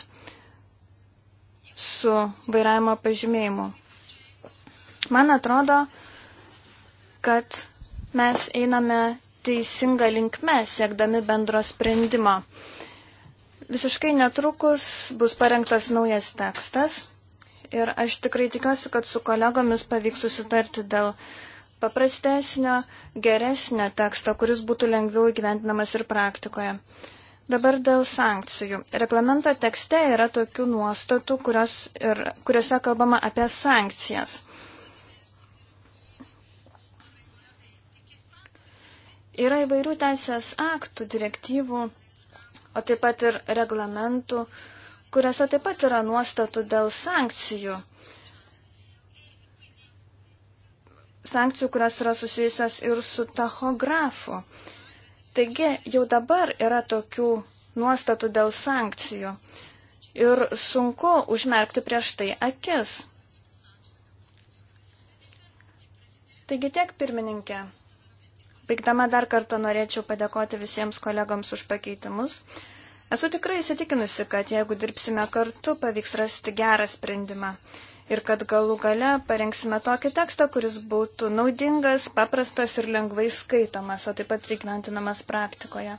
su vairavimo pažymėjimu. Man atrodo, kad mes einame teisinga linkme, siekdami bendro sprendimo. Visiškai netrukus bus parengtas naujas tekstas Ir aš tikrai tikiuosi, kad su kolegomis pavyks susitarti dėl paprastesnio, geresnio teksto, kuris būtų lengviau įgyventinamas ir praktikoje. Dabar dėl sankcijų. Reglamento tekste yra tokių nuostatų, kurios ir, kuriuose kalbama apie sankcijas. Yra įvairių teisės aktų, direktyvų, o taip pat ir reglamentų, uh, kuriuose taip pat yra nuostatų dėl sankcijų. Sankcijų, kurios yra susijusios ir su tachografu. Taigi jau dabar yra tokių nuostatų dėl sankcijų ir sunku užmerkti prieš tai akis. Taigi tiek pirmininkė. Baigdama dar kartą norėčiau padėkoti visiems kolegams už pakeitimus. Esu tikrai įsitikinusi, kad jeigu dirbsime kartu, pavyks rasti gerą sprendimą. Ir kad galų gale parengsime tokį tekstą, kuris būtų naudingas, paprastas ir lengvai skaitomas, o taip pat įgyventinamas praktikoje.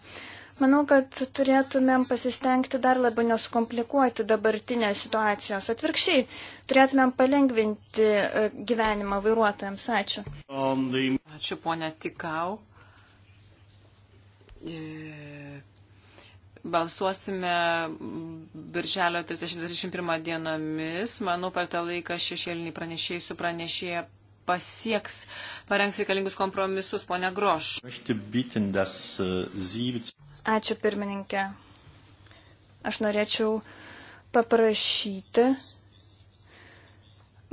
Manau, kad turėtumėm pasistengti dar labiau nesukomplikuoti dabartinės situacijos. Atvirkščiai, turėtumėm palengvinti e, gyvenimą vairuotojams. Ačiū. Ačiū, ponia Tikau. Yeah Balsuosime birželio 31 dienomis. Manau, per tą laiką šešėliniai pranešėjai su pranešėja pasieks, parengs reikalingus kompromisus, ponia Groš. Äh, Ačiū pirmininkė. Aš norėčiau paprašyti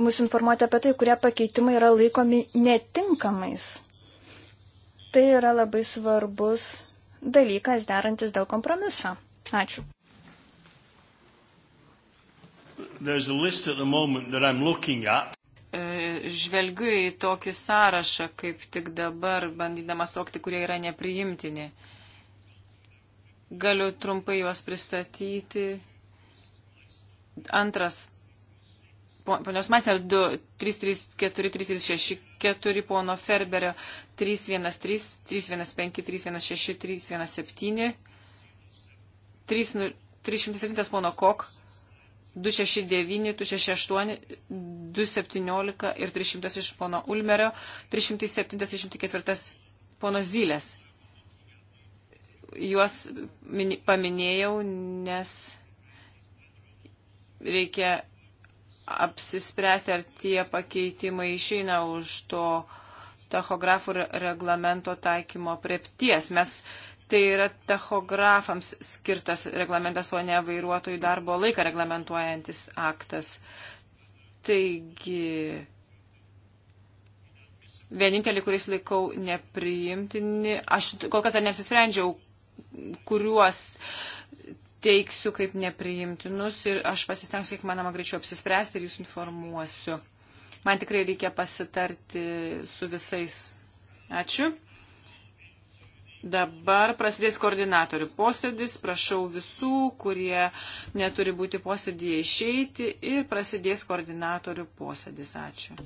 mus informuoti apie tai, kurie pakeitimai yra laikomi netinkamais. Tai yra labai svarbus dalykas derantis dėl kompromiso. Ačiū. E, žvelgiu į tokį sąrašą, kaip tik dabar, bandydamas sokti, kurie yra nepriimtini. Galiu trumpai juos pristatyti. Antras ponios Masner 2, 3, 3, 4, 3, 3, 6, 4, pono Ferberio 3, 1, 3, 3, 1, 5, 3, 1, 6, 3, 1, 7, 3, 307 pono Kok, 269, 268, 217 ir 300 iš pono Ulmerio, 307, 304 pono Zylės. Juos paminėjau, nes reikia apsispręsti, ar tie pakeitimai išeina už to tachografų reglamento taikymo priepties. Mes tai yra tachografams skirtas reglamentas, o ne vairuotojų darbo laiką reglamentuojantis aktas. Taigi, vienintelį, kuris laikau nepriimtini, aš kol kas dar nesisprendžiau, kuriuos teiksiu kaip nepriimtinus ir aš pasistengsiu, kiek manoma, greičiau apsispręsti ir jūs informuosiu. Man tikrai reikia pasitarti su visais. Ačiū. Dabar prasidės koordinatorių posėdis. Prašau visų, kurie neturi būti posėdėje, išeiti ir prasidės koordinatorių posėdis. Ačiū.